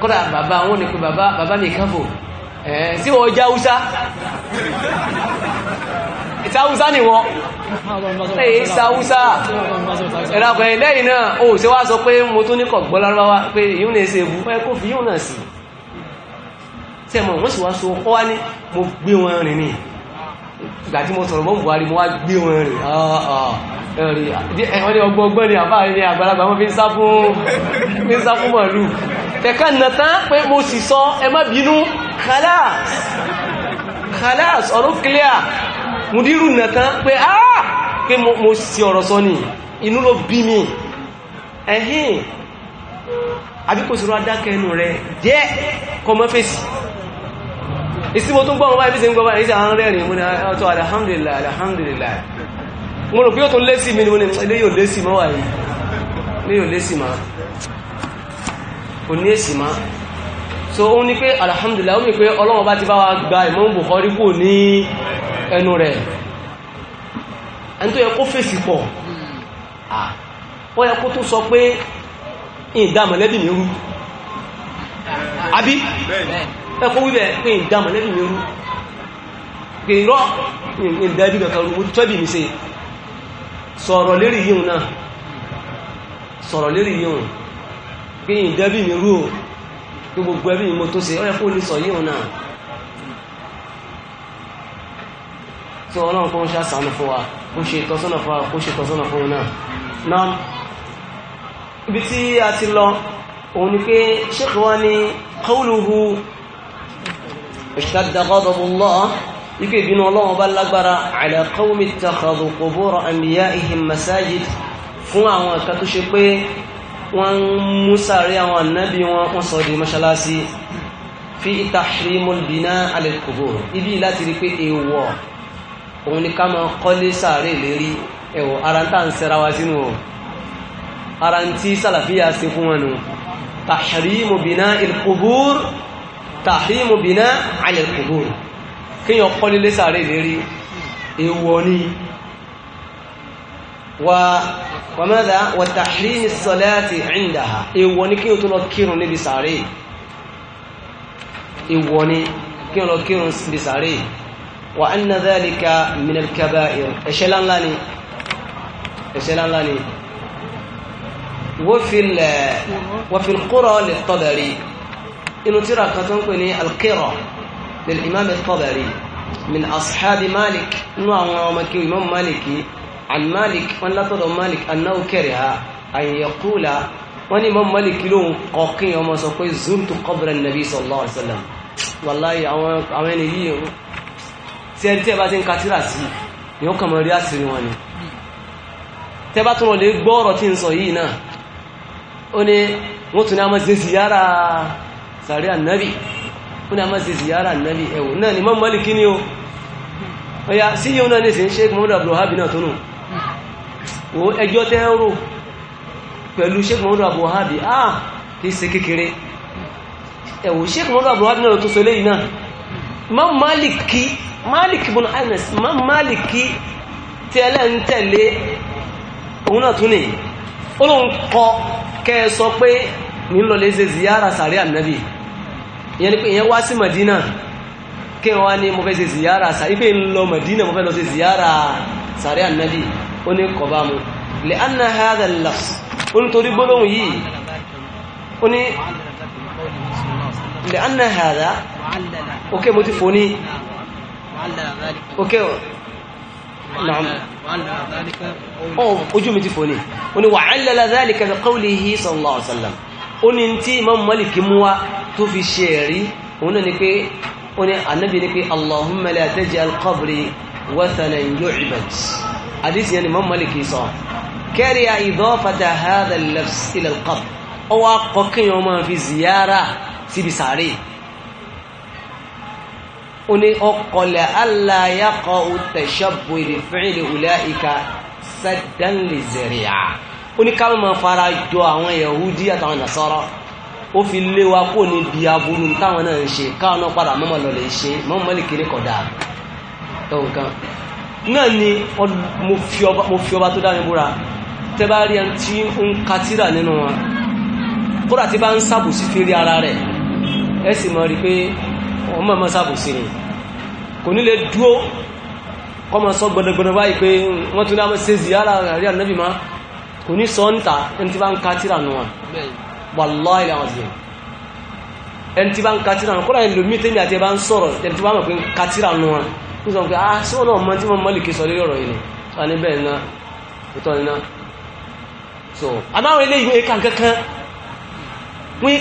kódà bàbá wọn ní pé bàbá nìkáfò ẹ̀ sí ọjà Haúsá ìsáwúsá ni wọ́n èyí sáwúsá ẹ̀dàpọ̀ ẹlẹ́yìn náà o ṣe wá sọ pé mo tún ní kọ̀gbọ́ lárúbáwá pé yíò ní ṣe ìbú ẹkọ́ fi yíò náà sí tẹ́mọ̀ wọ́n sì wá so ọkọ́ wá ní mo gbé wọn rìn ní ìgbà tí mo sọ̀rọ̀ mọ́ Buhari mo wá gbé wọn ah, ah. ni àbá ní àgbàlagbà wọn fi ń sá fún màlúù tẹ̀ka nàtán pé mo sì sọ ẹ má ọ̀rọ̀ clear mùdírù nàtán pé áà ah! pé mo sì ọ̀rọ̀ sọ ní inú ló bí mi ẹ̀hìn àbíkòsòrò adákẹ́ ẹnu rẹ̀ jẹ́ kọmọ́fẹ́sì ìsìnbó tó ń gbọ́n wáyé bí i ṣe ń gbọ́n ìsìn àwọn rẹ̀rìn mú ní ah, ọ̀tọ̀ alhamdulillah alhamdulillah mo rò pé ó tó lésì mi ni wọ́n ni ilé yóò lésì mọ́ wáyé ilé yóò lésì mọ́ kò ní èsì mọ́ so ó ní pé alhamdulillah ó mi pé ọlọ́wọ́ bá ti bá wa gba Imam Bukhari kò ní ẹnu rẹ̀ ẹni tó yẹ kó fèsì pọ̀ hmm. ó yẹ kó tó sọ pé ìdá mọ̀lẹ́bí mi rú àbí ẹkọ́ wíbẹ̀ pé ìdá mọ̀lẹ́bí mi rú gèrọ ìdẹ́bí kankan rú tọ́bí mi ṣe sọ̀rọ̀ lérí yíò náà sọ̀rọ̀ lérí yíò pé ìdẹ́bí mi rú o pé gbogbo ẹbí mi mo tó ṣe ó yẹ kó ní sọ yíò náà tí ọlọ́run kó ń ṣàṣàánú fún wa kó ṣe ìtọ́sọ́nà fún wa kó ṣe ìtọ́sọ́nà fún un náà náà ibi tí a ti lọ òun ni pé sheikh wa ni qawluhu ishtadda ghadabullah ike ìbínú ọlọ́run bá lágbára ala qawmi ittakhadhu qubur anbiya'ihim masajid fún àwọn ẹ̀ka tó òun ni ká máa kọ́lé sàárè lérí ẹ̀wọ̀ ara tá ń sẹ́ra wa sínú ọ̀ ara tí sàlàfíà sí fún wọn nù tahrimu bina al-qubur tahrimu bina ala al-qubur kíyàn kọ́lé lé sàárè lérí èèwọ̀ ni wa wa madha wa tahrimi as-salati indaha èèwọ̀ ni kíyàn tó lọ kírun níbi sàárè èèwọ̀ ni kíyàn lọ kírun níbi sàárè وأن ذلك من الكبائر إشلان لاني إشلان لاني وفي وفي القرى للطبري إنه ترى كتنقني القرى للإمام الطبري من أصحاب مالك نوع مكي إمام مالكي عن مالك وأن لا تضع مالك أنه كره أن يقول وأن إمام مالك له قاقين وما سوف زرت قبر النبي صلى الله عليه وسلم والله أوان أوان tí ẹni tí ẹ bá ti ń ka tíra sí ni ó kàn mọ́ rí àṣírí wọn ni tẹ́ bá tún lè gbọ́ ọ̀rọ̀ tí ń sọ yìí náà ó ní wọ́n tún ní a ziyara sàrí ànábì ó ní a ziyara ànábì ẹ̀wò náà ni mọ́mọ́lì kí ni o ọ̀yà sí yóò náà ní sí Sheikh Muhammad Abdulwahab náà tó nù wo ẹjọ́ tẹ́ ń rò pẹ̀lú Sheikh Muhammad Abdulwahab ah kì í ṣe kékeré ẹ̀wò Sheikh Muhammad Abdulwahab náà tó so léyìí náà mọ́mọ́lì kí malik ibn anas ma maliki tẹ́lẹ̀ ń tẹ̀lé òun náà tún ní olóhun kọ kẹ́ sọ pé ní lọ lè ṣe ziyara sàrí ànábì ìyẹn ni pé ìyẹn wá sí madina kí wọ́n ní mo fẹ́ ṣe ziyara sàrí pé ń lọ madina mo fẹ́ lọ ṣe ziyara sàrí ànábì ó ní kọba mu lè anna hadha lafs ó nítorí gbólóhùn yìí ó ní lè anna hadha ok mo ti fò ní okay o naam ọ̀n ojú mi ti fò ní o ni wà allala dhalika bi qawlihi sallallahu alaihi wasallam o ni tí imam malik mú wa tó fi ṣe ẹ̀rí òun náà ni pé o ni anabi ni pé allahumma la taj'al qabri wathanan yu'bad yẹn ni imam malik sọ kariha idafata hadha al-lafz ila al-qabr ọwọ́ akọkẹ́yìn ọmọ fi ziyara síbi sàárè ó ní ọkọlẹ̀ aláyàkọ̀ òtẹ̀ṣọ́bù ìrìfẹ́lẹ̀ ọ̀làìka sẹ́dánlẹ̀zẹ̀rìà ó ní káwọn máa fara jọ àwọn yahudi àtàwọn nasara ó fi lé wa kó ní bí aburú táwọn náà ń ṣe káwọn náà padà mọ́mọ́ lọ ṣe mọ́mọ́ lè kéré kọ̀dà ẹ̀wọ̀n náà ni mo fi ọba tó dá mi búra tẹ́ ẹni tí ń ka nínú wọn kódà tí bá ń sàbòsí fi rí ara rẹ̀ ẹ sì mọ̀ rí pé wọ́n mọ̀ mọ́ sábòsí ni kò ní lè dúó kọmọ sọ gbọdọgbọdọ báyìí pé wọ́n tún dámọ́ sí ziyara àrí ànábì má kò ní sọ ń ta ẹni tí bá ń ka tíra nù wọn wallahi alazim ẹni tí bá ń ka tíra nù kọ́lá ìlú mítẹ́ ní àti ẹ bá ń sọ̀rọ̀ ẹni tí bá mọ̀ pé ń ka tíra nù wọn ń sọ pé a ah, ṣé wọn náà mọ tí wọn mọ́lì kí sọ lórí ọ̀rọ̀ yìí ni wọn ní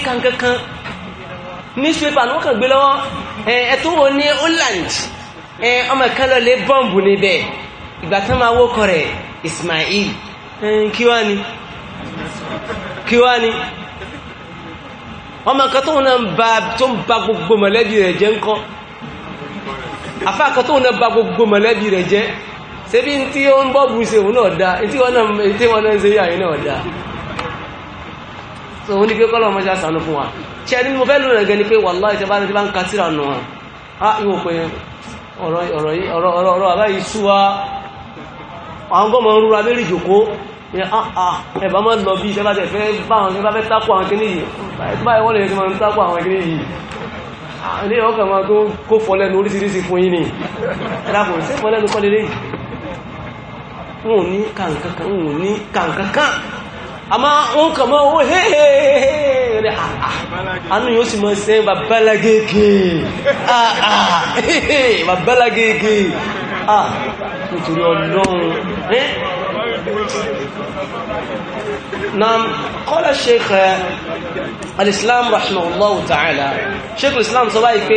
bẹ́ẹ̀ newspaper ni wọ́n kàn gbé lọ́wọ́ ẹ̀tún ní Holland ọmọ kan lọ lé bọ́ǹbù níbẹ̀ ìgbà tán máa rẹ̀ Ismail kí wá ni kí wá ni ọmọ kan tó ń ba gbogbo mọ̀lẹ́bí rẹ̀ jẹ́ ńkọ́ ba gbogbo mọ̀lẹ́bí rẹ̀ jẹ́ tí ó ń ṣe òun náà so òun ni pé kọ́lọ́ ọmọ ṣe àṣàánú wa. ṣe ẹni mo fẹ́ lò rẹ̀ gẹ́ni pé wàláhì ìṣẹ́ bá ní ti bá ń ka síra nù wọn á ìwò pé ọ̀rọ̀ àbá yìí sú wa àwọn gọ́mọ̀ ń rúra méjì jòkó ẹ̀bá ah, ah, mọ́ lọ bí iṣẹ́ bá tẹ̀ fẹ́ bá àwọn iṣẹ́ bá fẹ́ tákù àwọn kìíní yìí báyìí wọ́n lè ṣe máa ń tákù àwọn kìíní yìí ah, ilé ọkà máa tó kó owó hẹ́hẹ́hẹ́ yẹn ní àà ah, anú ah, yóò sì mọ́ sí ẹ́ babalágéèké àà babalágéèké àà nítorí ọlọ́run ẹ́ نعم قال الشيخ الإسلام رحمه الله تعالى شيخ الإسلام صبايك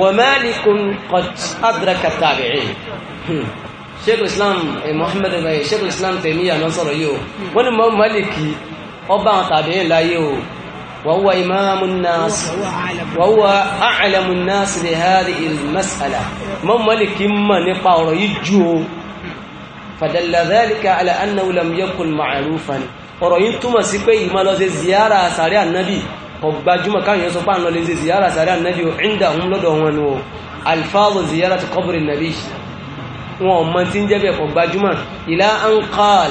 ومالك قد أدرك التابعين sheikh islam hmm. eh, muhammed eh, sheikh islam tẹ̀míyà náà sọ̀rọ̀ yìí o wọ́n ní mọ́ mọ́lìkì ọba àwọn tàbí ẹ̀ وهو إمام الناس وهو أعلم الناس بهذه المسألة من ملك ما نقار يجو فدل ذلك على أنه لم يكن معروفا ورأيت ما سيكوي ما لو زيارة سارع النبي وباجما كان يسوع أن لو زيارة سارع النبي عندهم لدهون ألفاظ زيارة قبر النبي ومن تنجبه وباجما إلى أن قال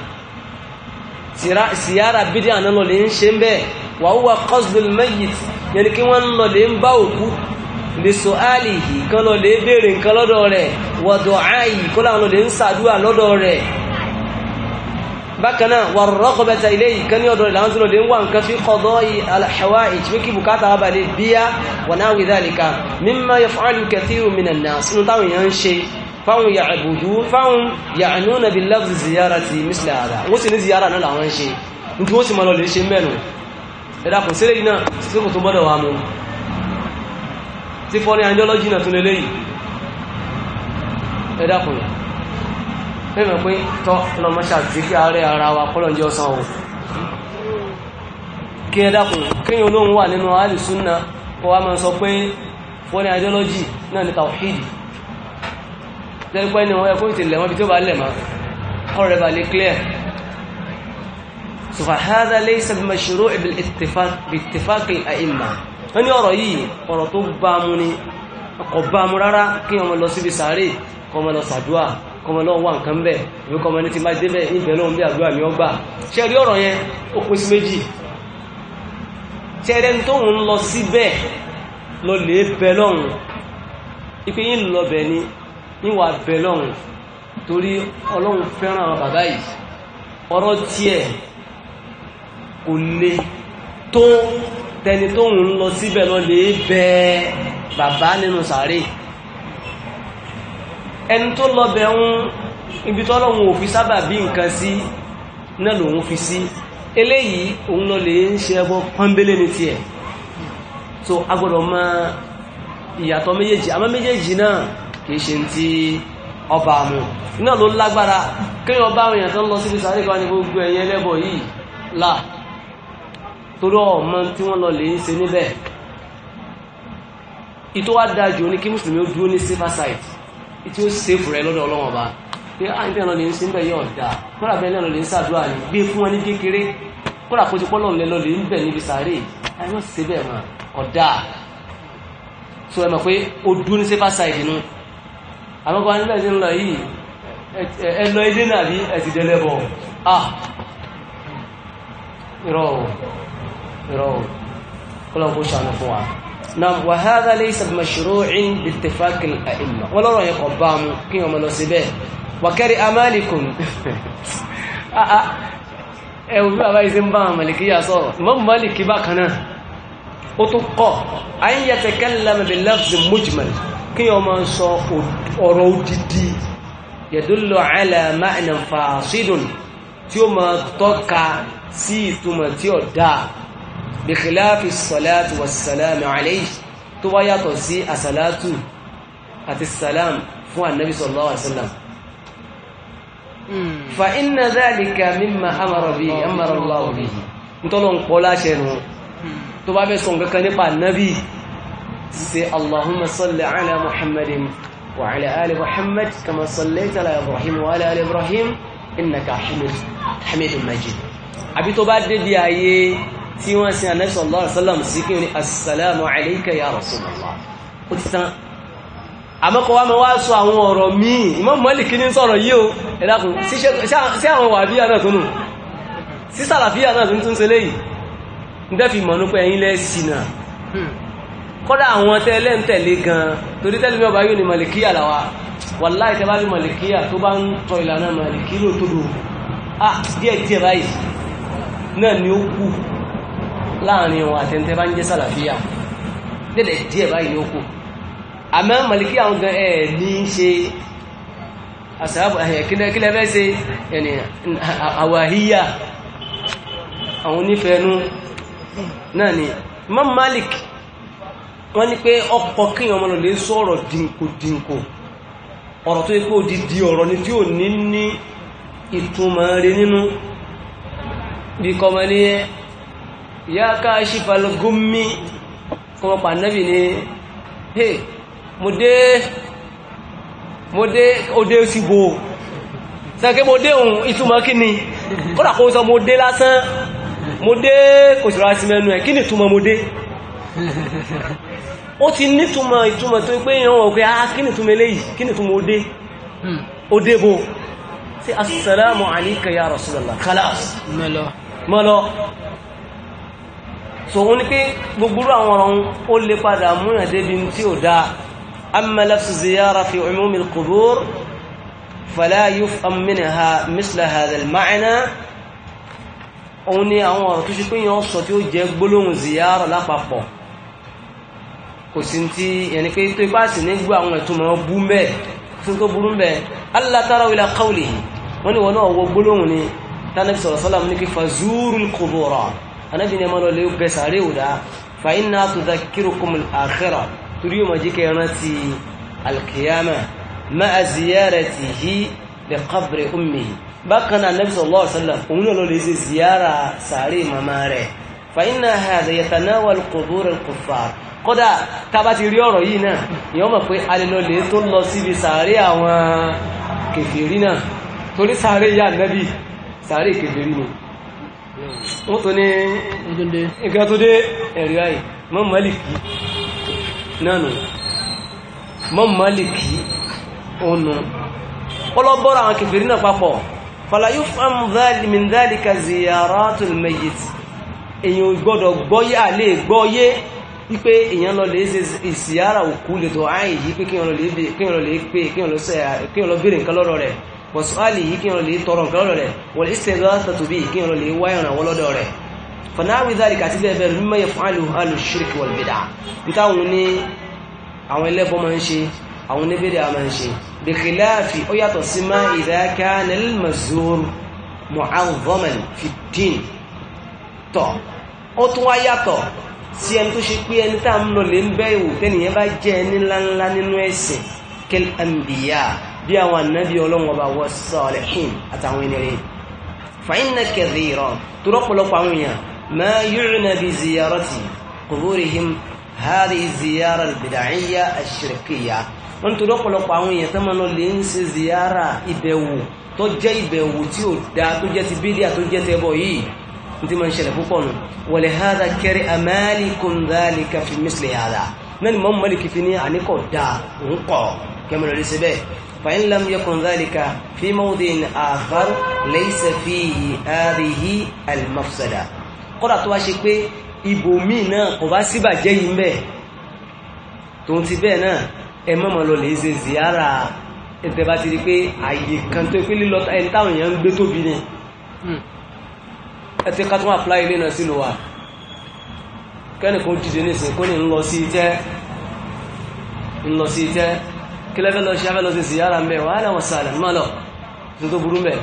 síyára bídí àná lọ lè ń ṣe ń bẹ́ẹ̀ wà ó wà qasdul mayyit yẹn kí wọ́n lọ lè ń bá òkú lè sọ áàlì yìí kan lọ lè béèrè nǹkan lọ́dọ̀ rẹ̀ wà du'a kó làwọn lọ ń sàdúrà lọ́dọ̀ rẹ̀ bákan náà wà rọ́kọ̀bẹ̀ta ilé yìí kan ní ọ̀dọ̀ rẹ̀ láwọn tó lọ ń wà nǹkan fi qada'i al-hawa'ij pé kí bùkátà wà balẹ̀ bíyà wà náà wí dhalika mimma yaf'alu kathiru minan nas sínú táwọn èèyàn ń ṣe fáwọn ya àbùdú fáwọn ya àníwọ̀n nàbí lafzi ziyara ti misla àdá wọ́n sì ní ziyara náà làwọn ṣe ní tí wọ́n sì máa lọ lè ṣe mẹ́nu ẹ̀dá kò sílẹ̀ yìí náà síkò tó gbọ́dọ̀ wà mú tí fọ́ ní ideology náà tún lélẹ́yìí ẹ̀dá kò yà fẹ́mi pé tọ́ lẹ́gbẹ́ ni wọ́n ẹkọ́ ìtì lẹ̀wọ́n bí tí ó bá lẹ̀ máa ọ̀rẹ́ bá lè clear so fahadha laysa bi mashru' bil ittifaq bi ittifaq al a'imma wọ́n ní ọ̀rọ̀ yìí ọ̀rọ̀ tó bá mu ni kò bá mu rárá kí ọmọ lọ síbi sàárè kọ́ ọmọ lọ sàdúà kọ́ ni níwà bẹ lọ́hùn torí ọlọ́run fẹ́ràn àwọn bàbá yìí ọ̀rọ̀ tiẹ̀ kò le tó tẹni tó ń lọ síbẹ̀ lọ lè bẹ bàbá nínú sàárè ẹni tó lọ bẹ ń ibi tọ́lọ́run ò fi sábà bí nǹkan sí náà lòun fi sí eléyìí òun lọ lè ń ṣe ẹbọ pọ́nbélé ní tiẹ̀ so agbọ́dọ̀ mọ ìyàtọ̀ méjèèjì àmọ́ méjèèjì náà kìí ṣe tí ọba mu iná ló lágbára kéèyàn bá àwọn èèyàn tó ń lọ síbi sáré kan ní gbogbo ẹ̀yìn ẹlẹ́bọ̀ yìí là torí ọmọ tí wọ́n lọ lè ń ṣe níbẹ̀ ìtọ́ wá dáa jù ní kí mùsùlùmí ó dúró ní safer side tí ó sèfù rẹ lọ́dọ̀ ọlọ́wọ́n ọba pé ah, àyìn bẹ́ẹ̀ lọ lè ń ṣe níbẹ̀ yóò dáa kódà bẹ́ẹ̀ lọ lè ń ṣàdúrà ní gbé fún wọn ní kékeré kódà kó ti pọ́ lọ́ọ̀lẹ́ lọ lè ń bẹ̀ níbi sáré àyìn wọ́n ṣe bẹ́ẹ̀ mọ́ ọ̀dà so ẹ mọ̀ pé ó dúró side nù àwọn kan níbẹ̀ sí ń lọ yìí ẹlọ ilé náà bí ẹ̀sì dẹ́lẹ́bọ̀ ah ìrọ̀rùn ìrọ̀rùn kọlọ̀kú sànà fún wa na wa hadha laysa mashru'in bi ittifaq al-a'imma wọ́n lọ́rọ̀ yẹn kọ̀ bá mú kí wọ́n lọ sí bẹ́ẹ̀ wa kariha Malikun ẹ̀wù kí wọ́n máa sọ ọ̀rọ̀ odidi yadullu ala ma'nan fasidun tí ó máa tọ́ka sí ìtumọ̀ tí ó dáa bi khilafi salatu wassalamu alayhi tó wá yàtọ̀ sí asalatu àti salam fún annabi sallallahu alaihi wasallam hmm. fa inna dhalika سي اللهم صل على محمد وعلى آل محمد كما صليت على إبراهيم وعلى آل إبراهيم إنك حميد حميد مجيد àbí tó bá débi ààyè tí wọ́n sin Ànábì sallallahu alaihi wasallam sí kí ní assalamu alayka ya Rasulullah ó ti tán àmọ́kọ̀ wá mọ́ wá sọ àwọn ọ̀rọ̀ míì Imam Malik ní sọ̀rọ̀ yìí o ẹ dákun sí àwọn wàbíyà náà túnú sí sàlàfíà náà tún tún ṣe léyìí ń dẹ́fì mọ̀ nípa ẹ̀yìn lẹ́sìn náà hmm kọ́dà àwọn tẹ́lẹ̀ ń tẹ̀lé gan-an torí tẹ́lẹ̀ mi ọba yóò ní màlìkíyà làwà wàláì tẹ́ bá ní màlìkíyà tó bá ń tọ ìlànà màlìkí lóòótọ́ à díẹ̀ díẹ̀ báyìí náà ni ó kù láàrin wọn àtẹ̀ntẹ́ bá ń jẹ́ sàlàfíà díẹ̀ díẹ̀ báyìí ni ó kù àmọ́ màlìkíyà wọn gan ẹ̀ ní í ṣe àṣàbò kílẹ̀ fẹ́ ṣe ẹni àwàhíyà àwọn onífẹ́nu náà ni Imam Malik wọ́n ní pé ọkọ̀ kí ọmọ lọ lè sọ ọ̀rọ̀ dínkù dínkù ọ̀rọ̀ tó ikú òdìdí ọ̀rọ̀ ni tí ò ní ní ìtumọ̀ rẹ̀ nínú bí kọmọ ní ya kashifal gummi kọmọ pàdánàbì ni he mo dé mo dé ó dé sí bo sẹ́kẹ́ mo dé ohun ìtumọ̀ kí ni kọ́dà kó sọ mo dé lásán mo dé kò sí mẹ́nu ẹ̀ kí ni ìtumọ̀ mo dé ó ti nítumọ̀ ìtumọ̀ tó pé ìran wọ̀ pé ah kí ni túnmọ̀ eléyìí kí ni túnmọ̀ òde hmm. òde bo sí assalamu alayka ya rasulallah khalas mọ́lọ́ so wọ́n ni pé gbogbo àwọn ọ̀rọ̀ ó lè padà múnà débi tí ò dáa amma lafzu ziyara fi umumi al-qubur fala yufham minha misla hadha al-ma'na òun ni àwọn ọ̀rọ̀ tó ṣe pé yàn sọ tí ó jẹ́ gbólóhùn ziyara lápapọ̀ kò sí ti yẹn ni pé tó ipá sì ní gbọ́ àwọn ẹ̀tún máa bú mbẹ́ fún tó burú mbẹ́ Allah tara ila qawlihi wọ́n ní wọn náà wọ gbólóhùn ni tánàbí sọ̀rọ̀ sọ́lá ní kí fazurul qubura anábì ní ẹmọ́ lọ lè bẹ sàárè òdá fa inna tudhakkirukumul akhirah torí yóò máa jí kẹ́ rántí alkiyama ma'a ziyaratihi li qabri ummihi bákan náà anábì sọ̀rọ̀ sọ́lá òun náà lọ lè ṣe ziyara sàárè màmá rẹ̀ fàyínà hàdà yàtànáwà kòbóra kòfà kódà tábà ti rí ọ̀rọ̀ yìí náà yọ́ mọ̀ pé alẹ́lọ́lẹ̀ tó lọ síbi sàárè àwọn kèfèrí náà torí sàárè yà nẹ́bí sàárè kèfèrí ni wọ́n tó ní nǹkan tó dé ẹ̀rí ayé mọ́ mọ́lìkì náà nù mọ́ mọ́lìkì ònà ọlọ́bọ́rọ̀ àwọn kèfèrí náà papọ̀ fàlàyé fàmù min dhalika ziyaratul mayyit èyàn gbọ́dọ̀ gbọ́yé àlè gbọ́yé wípé èyàn lọ lè ṣe ìsìyára òkú lè tó ààyè yìí pé kíyàn lọ lè pé kíyàn lọ bèèrè nǹkan lọ́rọ̀ rẹ̀ pọ̀sùálì yìí kíyàn lọ lè tọrọ nǹkan lọ́rọ̀ rẹ̀ wọ́n lè ṣe ìgbà tó bí kíyàn lọ lè wá ìrànwọ́ lọ́dọ̀ rẹ̀ fanáwí dhalika àti bẹ́ẹ̀ bẹ́ẹ̀ mímọ́ yẹ fún àlù àlù ṣírìkì wal bid'a bí táwọn ní àwọn ẹlẹ́bọ máa ń ṣe àwọn oníbẹ̀rẹ̀ a máa ń ṣe bí kìláàfì ó yàtọ̀ sí máa idha kana mazur mu'azzaman fi din tọ̀ ó tún wá yàtọ̀ sí ẹni tó ṣe pé ẹni tá ń lọ lè ń bẹ́ ìwò tẹ́nìyàn bá jẹ́ ẹni ńláńlá nínú ẹ̀sìn kẹl àmbìyà bí àwọn ànábì ọlọ́wọ́n bá wọ́ sọ́ọ̀lẹ́hìn àtàwọn ẹni rẹ̀ fàyínà kẹrì rọ tó rọpọlọpọ àwọn èèyàn ma yu'na bi ziyarati quburihim hadhihi ziyara albid'iyya ashirkiyya wọ́n tó rọpọlọpọ àwọn èèyàn tán máa lè ń ṣe ziyara ìbẹ̀wò tó jẹ́ ìbẹ̀wò tí ò dáa tó jẹ́ ti bídíà tó jẹ́ tẹ́bọ̀ yìí tí ma ń ṣẹlẹ̀ púpọ̀ nù wọlé hádà kẹrì amáàlìkùn dhalika fi mísìlì hádà mẹ́ni mọ́ mọ́lìkì fi ní àníkọ̀ dá ń kọ̀ kẹmọ̀lẹ̀ lè ṣe bẹ́ẹ̀ fàyín lam yakun dhalika fi mawdin akhar laysa fi àríhí al-mafsada kọ́dà tó wá ṣe pé ibò míì náà kò bá síbàjẹ́ yìí mbẹ́ tó ti bẹ́ẹ̀ náà ẹ mọ́mọ́ lọ lè ṣe ziyara ẹ̀tẹ̀ bá ti rí pé àyè kan tó pé lílọ ẹni táwọn èèyàn ń gbé tóbi ni hmm. ẹtí ká tó wà fúláyé ilé náà sí lò wà kẹ́ni dìde nísìnyí kó ní ń sí iṣẹ́ ń sí iṣẹ́ kí lẹ́fẹ́ lọ sí afẹ́ lọ sí sí yàrá mbẹ́ wàhálà wọn sàlẹ̀ má lọ tó tó burú mbẹ́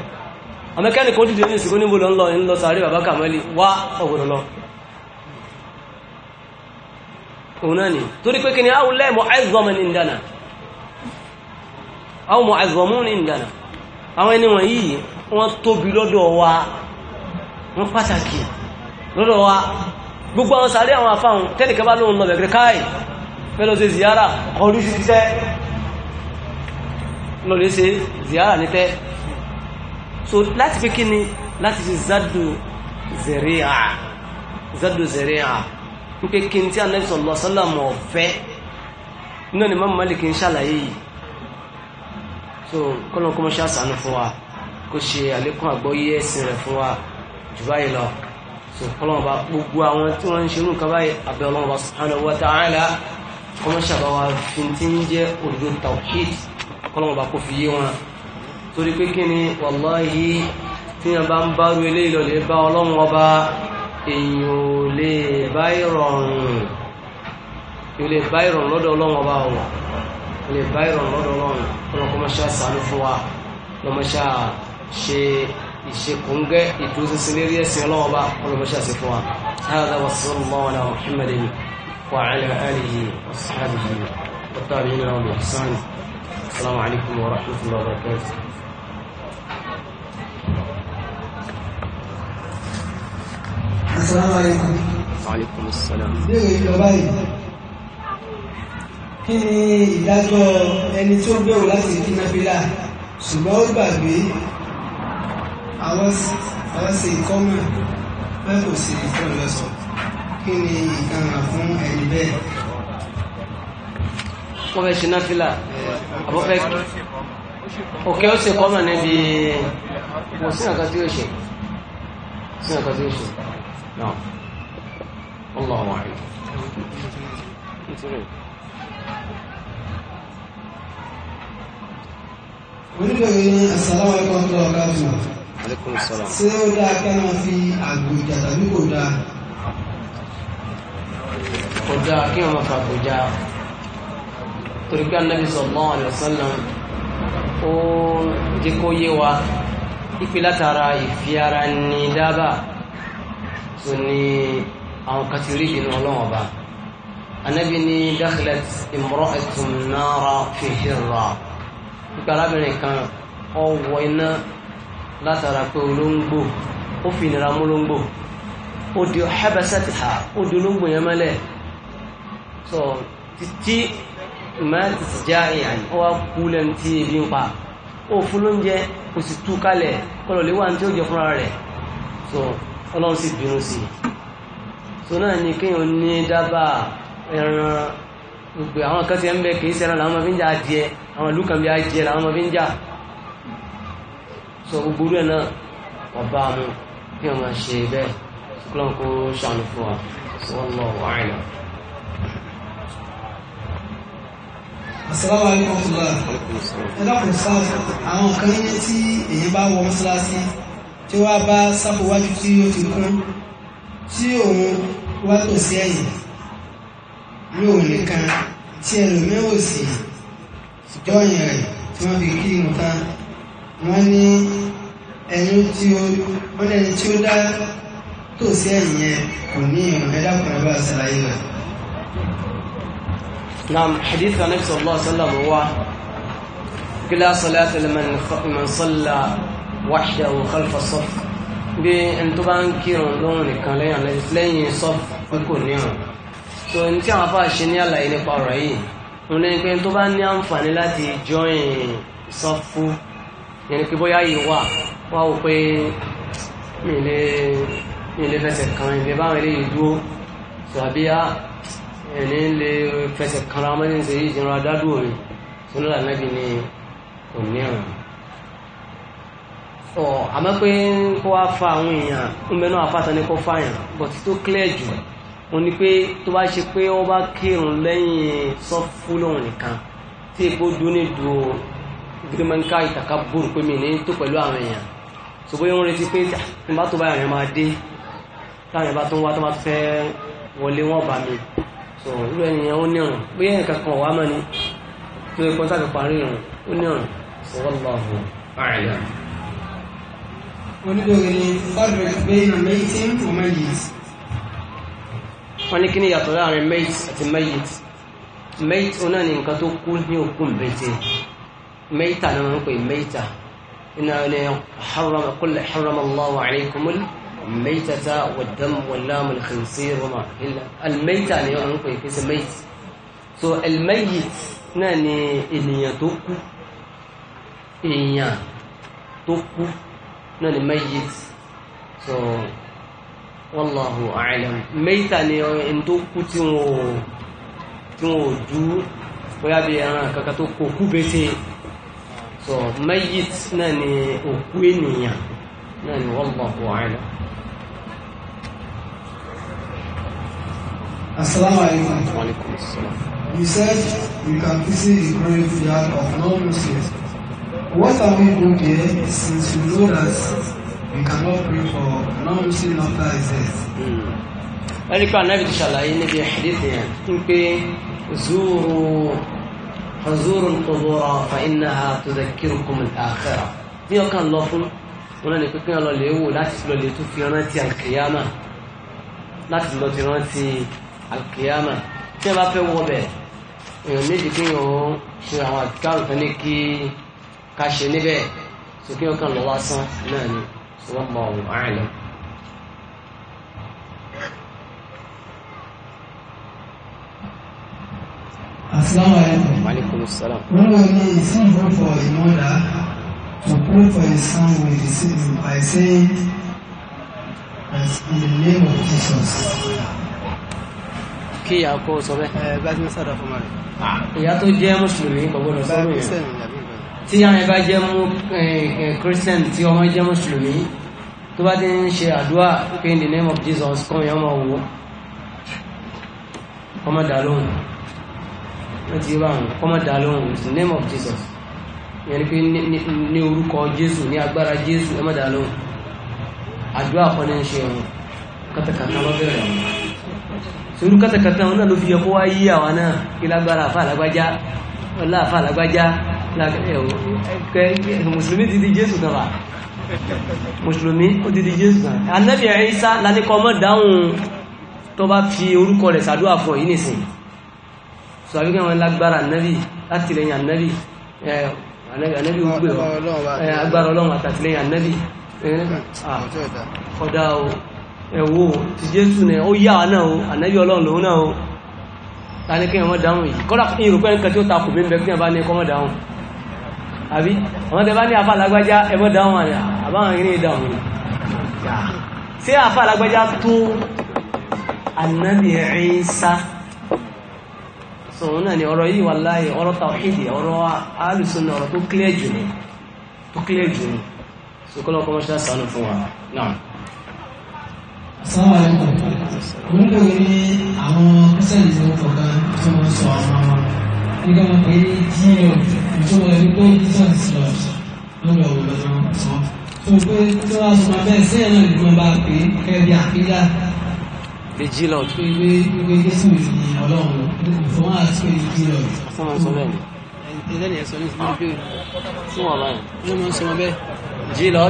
àmọ́ kẹ́ni dìde nísìnyí kó ní bolo ńlọ ńlọ bàbá kàmẹ́lì wá lọ. òun náà ni torí pé kí ni àwọn àìzọ́mọ ní ìdáná ní ìdáná àwọn ẹni tóbi lọ́dọ̀ wa wọ́n pàtàkì lọ́dọ̀ wa gbogbo àwọn sàárẹ́ àwọn afáhùn tẹ́nìkẹ́ bá lóun lọ́bẹ̀ gẹ́gẹ́ káì fẹ́lọ́ sí ziyara ọdún sí tẹ́ lọ́lẹ́ sí ziyara ní tẹ́ so láti fi kíni láti fi zádù zẹ̀ríà zádù zẹ̀ríà wípé kí n tí anabi sọ̀lọ́ sọ́lọ́mù ọ̀fẹ́ náà ni mọ́ mọ́lì kí n ṣàlàyé yìí so kọ́lọ́n kọ́mọ́ṣẹ́ àṣà fún wa kó ṣe àlékún àgbọ́yé ẹ̀sìn rẹ̀ fún wa jù báyìí lọ so kọ́lọ́wọ́n bá gbogbo àwọn tí wọ́n ń ṣe nù kan báyìí abẹ́ ọlọ́wọ́n bá subhanahu wa ta'ala kọ́mọ́ ṣàbáwá fi ti ń jẹ́ òdodo tawhid kọ́lọ́wọ́n bá kó fi yé wọn torí pé kí ni wàláhì tí wọ́n bá ń bá ru eléyìí lọ lè bá ọlọ́wọ́n ọba èèyàn ò lè bá ìrọ̀rùn ò lè bá ìrọ̀rùn lọ́dọ̀ ọlọ́wọ́n ọba ọ̀ ò lè bá ìrọ̀rùn lọ́dọ̀ ọlọ́wọ́n ọlọ́kọ́mọṣẹ́ sàánú fún wa lọ́mọṣẹ́ ṣe ìṣekùngẹ́ ìdúróṣinṣin lérí ẹ̀sìn ọlọ́wọ́ bá ọlọ́mọṣẹ́ àti fún wa هذا وصلى الله على محمد وعلى آله وصحبه والتابعين لهم بإحسان السلام عليكم ورحمة الله وبركاته السلام عليكم وعليكم السلام kí ni ìdájọ́ ẹni tí ó gbèrò láti kí náà fi rà ṣùgbọ́n ó gbàgbé àwọn àwọn ṣe ìkọ́mọ̀ bẹ́ẹ̀ kò sí ìfẹ́ lọ́sọ̀ kí ni ìkànnà fún ẹni bẹ́ẹ̀. wọ́n fẹ́ ṣe náfìlà àbọ̀ fẹ́ òkè ó ṣe kọ́mọ̀ níbi kò sí nǹkan tí ó ṣe sí nǹkan tí ó ṣe náà Allah wa ayi. Oníbẹ̀rẹ̀ ni àsàlámù aláìkùm tó ọ̀gá fún wa ṣé ó dáa ká máa fi àgbò ìjà tàbí kò dáa. kò dáa kí wọn máa fa àgbò ìjà torí pé anabi sallallahu alaihi wasallam ó jẹ́ kó yé wa ipe látara ìfi ara ní dábàá tó ní àwọn kàtìrí ìbínú ọlọ́wọ́n ọba anabi ní dakhilat imra'atun nara fi hirra ipe arábìnrin kan ó iná látara pé olóńgbò ó fi ìnira mú olóńgbò ó di habasati ha ó di olóńgbò yẹn mọ́lẹ̀ so títí máa ti ti já ìyàn ó wá kú lẹ́nu tí ebi ń pa ó fún lóúnjẹ kò sì tú kalẹ̀ kọlọ̀ lé wà tí ó jẹ fúnra rẹ̀ so ọlọ́run sì bínú sí i so náà ni kéèyàn ní dábàá ẹran gbogbo àwọn kan ti ń bẹ kì í ṣẹran làwọn ọmọ fi ń jà adìẹ àwọn ìlú kan bí adìẹ làwọn ọmọ fi ń jà sọ gbogbo rẹ̀ náà ọba mu kí wọ́n máa ṣe bẹ́ẹ̀ kúlọ̀n kó ṣàánú fún wa wọ́n lọ wáìnà. Àṣàlọ́wà ní ọ̀tùlá, ẹlọ́pùn sáàsì, àwọn kan yẹ́ tí èyí bá wọ mọ́sálásí tí wá bá sápòwájú tí ó ti kún tí òun wá tò sí ẹ̀yìn ní òun nìkan tí ẹlòmíràn ò sì jọyìn rẹ̀ tí wọ́n fi kí ìmúta wọ́n ní ẹni tí ó wọ́n ní ẹni tí ó dá tòsí ẹ̀yìn yẹn kò ní ìrùn ẹ̀dá kan ẹ̀bá ṣàlàyé rẹ̀. نعم حديث النبي صلى الله عليه وسلم هو لا صلاة لمن من صلى وحده خلف الصف bí ẹni tó bá ń kírun lóhun nìkan lẹ́yìn lẹ́yìn sọ́ọ̀fù pé kò ní ọ̀run tó ní tí àwọn afá ṣe ní àlàyé nípa ọ̀rọ̀ yìí òun ní pé tó bá ní àǹfààní láti join sọ́ọ̀fù yẹn ni kí bóyá yìí wà wá wò pé mi lè mi lè fẹsẹ̀ kan ìlẹ̀ báwọn eléyìí dúró tàbí á ẹni lè fẹsẹ̀ kan ra mọ́tí ń ṣe yìí jẹun adádùn òní tó ní lànàbí ni kò ní ọ̀ràn. ọ àmọ́ pé kó wá fa àwọn èèyàn ń bẹ náà afáta ni kó fa yàn but tó clear jù wọn ni pé tó bá ṣe pé ó bá kírun lẹ́yìn sọ́fúlòhùn nìkan tí èkó dúró gbé máa ń ká ìtàkà búrú pé mi ní tó pẹ̀lú àwọn èèyàn tó bóyá ń retí pé tí bá tó bá àwọn èèyàn máa dé táwọn èèyàn bá tó ń wá tó bá tó fẹ́ wọlé wọn bá mi tó irú ẹni ó ní ọ̀ràn bóyá ẹ̀ka kan wà mọ́ ni tó yẹ kọ́ńtà fi parí ọ̀ràn ó ní ọ̀ràn wallahu a'lam. onídòwò ni fọ́ọ̀dù ẹgbẹ́ ìrìnàmẹ́yìtì ń fò mẹ́yìtì. wọ́n ní kí ni yàtọ̀ láàrin mẹ́yìtì àti mẹ́yìtì mẹ́yìtì ó náà ní nǹkan tó kú ní òkú ìbẹ̀tẹ̀ mẹ́ta ni wọ́n ń pè mẹ́ta iná ni harrama Allahu alaykumul mẹ́tata wàdàm wàlámù khinzir roma almẹ́ta ni wọ́n ń pè kí sí mẹ́t so almẹ́yit náà ni ènìyàn tó kú èèyàn tó kú náà ni mẹ́yit so wallahu a'lam mẹ́ta ni ẹni tó kú tí wọ́n ò dú bóyá bí ẹran kankan tó kó kú bẹ́tẹ̀ so mayit náà ni òkú ènìyàn náà ni wallahu a'lam. Assalamu You said you can visit the graveyard of non-Muslims. What are we doing there since you know that we cannot pray for non-Muslim after his death? Hmm. Ẹni pé ànábì ti ṣàlàyé níbi ẹ̀ṣẹ̀dẹ̀ yẹn, ń pé zúúrù fazurul qubura فإنها تذكركم الآخرة. al-akhirah ní ọkàn lọ fún wọn náà ní pípín ọlọ́lẹ̀ wò láti lọ lè tún fi rántí alkiyama láti lọ ti rántí alkiyama tí a bá fẹ́ wọ bẹ̀ èèyàn méjì kí yàn ṣe àwọn àdúgbò kan ní kí ká ṣe níbẹ̀ sókè ọkàn lọ wá sán náà ni sọlọ́mọ ọ̀hún àìlọ́. Assalamu alaikum. When we need simple for a mother to pray for his son with his him by saying, in the name of Jesus. Kí ìyá kó sọ bẹ́ẹ̀. Ẹ eh, bá ti ń sọ̀rọ̀ fún Mari. Ah, ìyá tó jẹ́ Mùsùlùmí kò gbọ́dọ̀ sọ́rọ̀ yẹn. Tí àwọn ẹ̀bá jẹ́ mú eh, eh, Christian tí ọmọ jẹ́ Mùsùlùmí tó bá ti ń ṣe àdúrà pé in the name of Jesus kan yẹn máa wò. Ọmọ dàlóhùn wọ́n ti bá wọn kọ́mọ̀ dá the name of Jesus yẹn ni pé ní orúkọ Jésù ní agbára Jésù ẹ má dá lóhùn àdúrà kan ní ṣe wọn kátàkátà lọ bẹ̀rẹ̀ wọn sórí kátàkátà wọn náà ló fi yẹ kó wá yí àwọn náà kí lágbára àfa àlágbájá ọlá àfa àlágbájá mùsùlùmí ti di Jésù kan wà mùsùlùmí ó ti di Jésù kan anábìyàn Isa lálẹ́kọ̀ọ́ mọ́ dáhùn tó bá fi orúkọ rẹ̀ sàdúrà fún yìí nìsín sọ àbíkẹ́ wọn lágbára ànábì látìlẹ́yìn ànábì ànábì ń gbé agbára ọlọ́run àtàtìlẹ́yìn ànábì ọ̀dà o ẹ̀wọ́ ti jésù náà ó yá náà o ànábì ọlọ́run lòun náà o tani kí wọn dáhùn yìí kọ́dà ìrùpẹ́ nǹkan tí ó takò mí bẹ́ẹ̀ kí wọn bá ní kọ́mọ́ dáhùn àbí àwọn tẹ bá ní afa alágbájá ẹ̀mọ́ dáhùn àyà àbáwọn yìí ní ìdáhùn yìí ṣé sọ̀rọ̀ náà ni ọ̀rọ̀ yìí wà láàyè ọ̀rọ̀ tàwíìdì ọ̀rọ̀ alùsùnà ọ̀rọ̀ tó clear jù ní tó clear jù ní so kọ́lọ́ kọ́mọ́ ṣe àṣà fún wa náà. sáwọn ẹ̀kọ́ mo ń lò ní àwọn pẹ́sẹ́ǹtì tí wọ́n tọ̀ ká tó máa sọ àwọn ọmọ ní ká máa pè é díẹ̀ tó ìjìlọ. pé pé jésù mi ni ọlọ́run fún wa àti pé ìjìlọ. ọsàn máa sọ bẹ́ẹ̀ ni. ẹni ẹ sọ ní ìsinmi pé fún ah. wa báyìí. ẹni máa ń sọ bẹ́ẹ̀. jìlọ.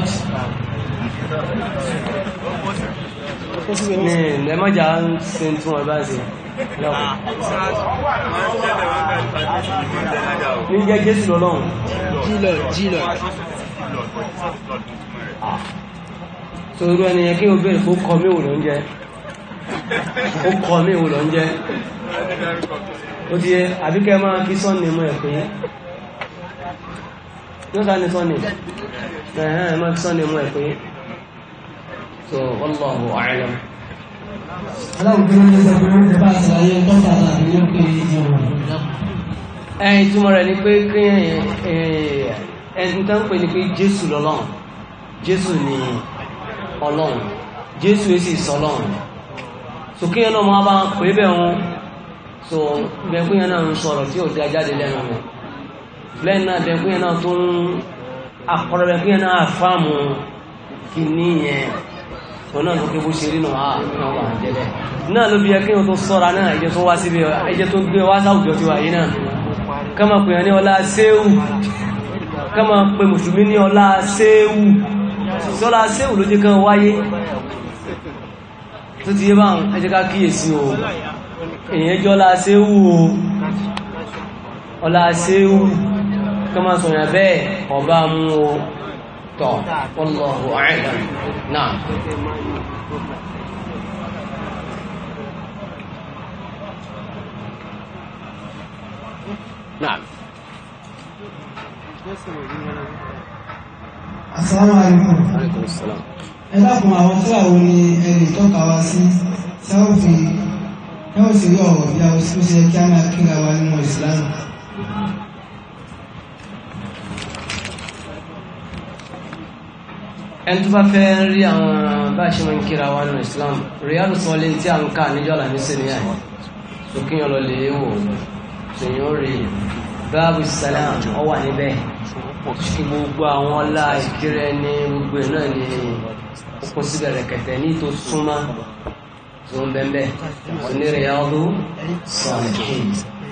ní ẹ má jà ń tún ẹ bá ṣe. ní jẹ́ jésù lọ́lọ́run. jìlọ jìlọ ah. torí ẹni yẹn kí o bẹ̀rẹ̀ kó kọ mí òun ló ó kọ ní ìwòlò ń jẹ́ ó ti yẹ àbíkẹ́ máa kí sọ́ọ̀nì mọ́ ẹ̀kọ́ yẹn yóò sá ní sọ́ọ̀nì ẹ̀hẹ́n máa kí sọ́ọ̀nì mọ́ ẹ̀kọ́ yẹn so wallahu a'lam. aláwùjọ ní ìṣàkóso ìjọba àṣàyẹ tọ́ta àti ní pé ìyẹ̀wò. ẹ̀yìn túmọ̀ rẹ̀ ni pé kí ẹni tó ń pè ní pé Jésù lọ́lọ́run Jésù ni Ọlọ́run Jésù èsì sọlọ́run sókè yẹn náà máa bá pè é bẹ́ẹ̀ wọn so dẹ̀kú yẹn náà ń sọ̀rọ̀ tí ò da jáde lẹ́nu rẹ̀ lẹ́yìn náà dẹ̀kú yẹn náà tó ń akọ̀rọ̀ dẹ̀kú yẹn náà fáàmù kìíní yẹn tó náà lókè bó ṣe rí nù áà náà wà jẹ́lẹ̀ náà ló bí yẹ kí wọ́n tó sọ́ra náà ẹjẹ́ tó wá síbi ẹjẹ́ tó gbé wá sáwùjọ ti wà yìí náà kama pè yẹn ní ọlá séwù kama pè mùsùlùmí ní ọlá séwù sọ́lá séwù ló jẹ́ kan wáyé tó ti yé bá ń ẹjẹ́ ká kíyèsí o èyàn jọ láàṣẹ́wù o ọláṣẹ́wù tó máa sọ̀rọ̀ bẹ́ẹ̀ ọba mú o tọ̀ ọlọ́rọ̀ àìdà náà Assalamu alaikum. Alaikum assalam. ẹ dákun àwọn tíra ni ẹ tọ́ka wa sí tí a fi ẹ ó sì rí ọ̀rọ̀ bí a ó ṣe kí a máa kíra wa nínú ìsìlámù. ẹni tó bá bá ṣe ń kíra wa nínú Islam Riyadu Salihin tí a ń ká níjọ́ àyè tó kíyàn lọ lè wò òfin gbogbo àwọn ọlá ìkírẹ ní gbogbo ẹ̀ náà ni òkun síbẹ̀ rẹ̀kẹ̀tẹ̀ ní tó súnmọ́ tó ń bẹ́ẹ̀ onírè yà ọdún sọ̀rọ̀kìn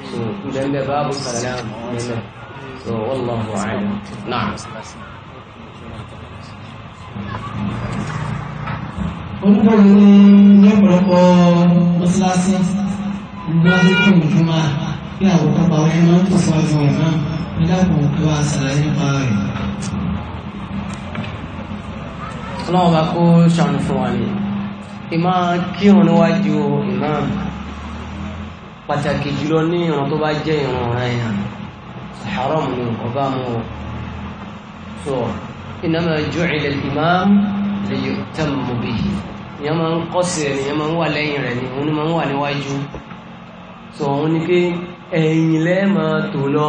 tó ń bẹ́ẹ̀ báàbù sàlẹ̀ àmọ́ tó wọ́n lọ́wọ́ àìmọ́ náà. orúkọ mi ní ọ̀pọ̀lọpọ̀ mọ́sálásí ìgbàlódé tó ń jùmọ̀ bí àwọn ọ̀pọ̀ àwọn ẹni máa ń tẹ̀síwájú ẹ̀ náà ìdáàbò ìwà àṣàlàyé nípa rẹ̀. ọlọ́run bá kó ṣàánú fún wa ni ìmá kírun níwájú ìmá pàtàkì jùlọ ní ìran tó bá jẹ́ ìran ọ̀ràn ẹ̀yàn haram ni ọba mu o so innama ju'ila al-imam li yu'tamma bihi ìyẹn máa ń kọ́ sí rẹ̀ ìyẹn máa ń wà lẹ́yìn rẹ̀ ni òun ni máa ń wà níwájú so òun ni pé ẹ̀yìn lẹ́ẹ̀ máa tò lọ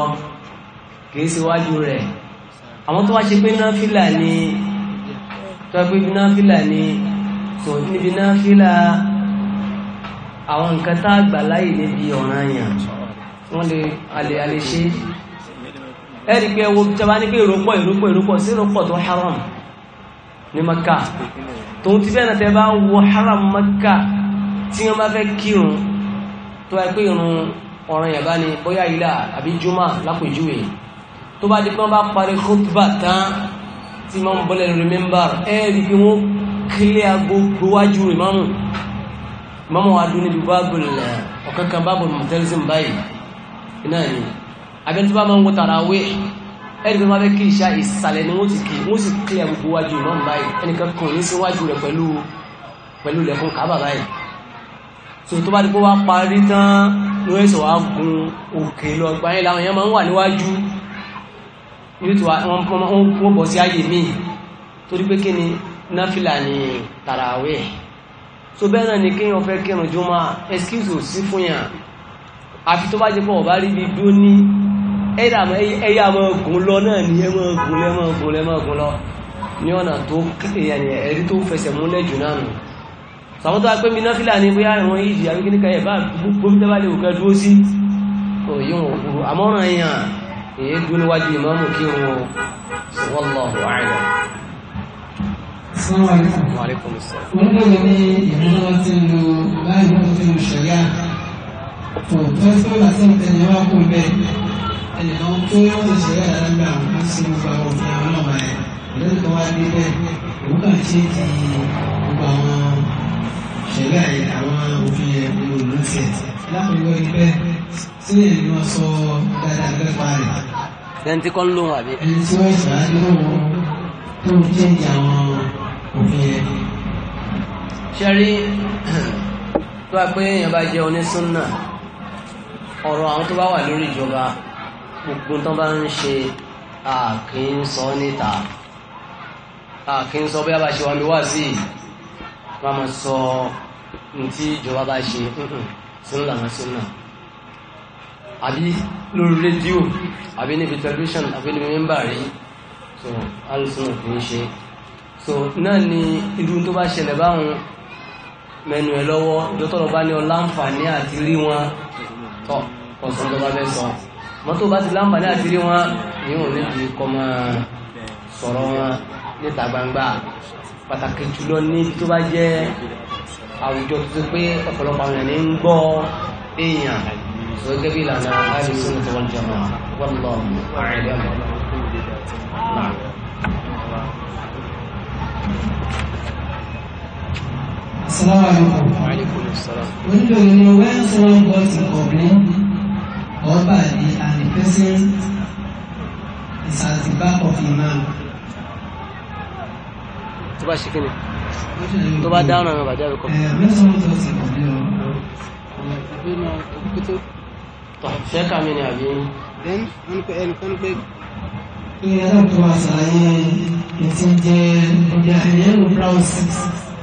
kìí ṣe wájú rẹ̀ àwọn tó wá ṣe pé náfìlà ni tó pé náfìlà ni tó níbi náfìlà àwọn nǹkan tá àgbà láyè níbi ọ̀ràn yàn wọ́n lè alẹ́ alẹ́ ṣe ẹ̀rí pé ẹwọ́ jẹba ní pé ìrópọ̀ ìrópọ̀ ìrópọ̀ sí ìrópọ̀ tó haram ní maka tó ti bẹ́ẹ̀ náà tẹ́ bá wọ haram maka tí wọ́n bá fẹ́ kírun tó wáyé pé irun ọ̀ràn yàn bá ní bóyá ilá àbí jùmọ̀ lápèjúwe tó bá di pé wọ́n bá parí khutba tán tí máa bọ́lẹ̀ remember ẹ rí bí wọ́n kílẹ̀ agbógbó wájú ìmáàmù ìmáàmù wa dún níbi báàbù ọ̀kankan báàbù mọ̀tẹ́lẹ́sìn báyìí iná ni abẹ́ni tó bá máa ń wọ tàràwé ẹ rí bí wọ́n bá kí ìṣá ìsàlẹ̀ ni wọ́n ti kí wọ́n sì kílẹ̀ agbógbó wájú ìmáàmù báyìí ẹnìkan kàn ní síwájú rẹ̀ pẹ̀lú so tó bá di pé wọ́n parí tán lóyè sọ̀ wá gun òkè lọ yóò tó wọ́n bọ̀ sí ayé mi, torí pé kí ni náfìlà ní tàràwẹ̀ so bẹ́ẹ̀ náà ni kéèyàn fẹ́ kírun jùmọ̀ excuse ò sí fún yàn àfi tó bá jẹ́ pọ̀ ọ̀bá rí ibi dúró ní ẹ̀yà ọmọọgùn ni ẹmọọgùn lẹ́mọọgùn lẹ́mọọgùn lọ ní ọ̀nà tó ẹ̀rí tó fẹsẹ̀ múlẹ̀ jù náà nù sàwọn tó apẹ́ mi náfìlà ní bóyá ìwọ̀n yìí àbíkíníkà ẹ̀ bá gbómìnà bá lè sí òyìn òkúrú àmọ́ràn yàn èyí dún níwájú ìmáàmù kírun o wallahu a'lam. Assalamu alaikum. Wa alaikum assalam. Wọ́n bẹ̀rẹ̀ ní ìmúlọ́wọ́ tí ń lo láì lọ́wọ́ tí ń lo ṣẹ̀ríà. Tó tó tó láti ń tẹ̀lé wá kó bẹ́ẹ̀. Ẹnìkan tó yọ ọ́ ṣẹ̀ríà dáadáa gbà wọ́n sí gbogbo àwọn òfin àwọn ọlọ́mọ rẹ̀. Ìlú kan wá dé bẹ́ẹ̀. Òun kàn ṣe ti gbogbo àwọn ṣẹlẹ̀ àwọn òfin yẹn nínú ìlú tiẹ̀ láfiwọ́ ibẹ̀ tí èyí máa sọ dáadáa pẹ́pà rẹ̀. ẹni tí wọ́n ṣe àdéhùn tó ń jẹ́ǹjì àwọn òfin yẹn. ṣẹ́rí tó a pé èèyàn bá jẹ́ onísúnnà ọ̀rọ̀ àwọn tó bá wà lórí ìjọba gbogbo tó bá ń ṣe àkínsọ níta àkínsọ bí a bá ṣe wà mí wá sí wọn máa sọ ntí ìjọba bá ṣe sunna na sunna àbí lórí rédíò àbí níbi tẹlifíṣàn àbí níbi mímbà rí so alùsùnà kì í ṣe so náà ni irú tó bá ṣẹlẹ̀ báwọn mẹnu ẹ lọ́wọ́ ìjọtọ̀rọ̀ bá ní ọ láǹfààní àti rí wọn tọ ọ̀sán tó bá fẹ́ sọ mọ́tò bá ti láǹfààní àti rí wọn ìyóò nídìí kọ́ máa sọ̀rọ̀ wọn níta gbangba pàtàkì jùlọ ní tó bá jẹ́ àwùjọ tó ti pé ọ̀pọ̀lọpọ̀ àwọn ènìyàn ń gbọ́ èèyàn gẹ́gẹ́ bí ìlànà àìsàn tó wọ́n jẹ́ wọ́n lọ Assalamu alaikum. Wa alaikum assalam. When when someone goes to complain or bad and the person is at the back of the tó bá ṣe kíni tó bá dáhùn àwọn àbàjá rẹ̀ kọ́. fẹ́ kà ni àbí. ẹnìkan pé. tó wà sàlàyé ètí jẹ́ ọjà ìyẹ́wò brows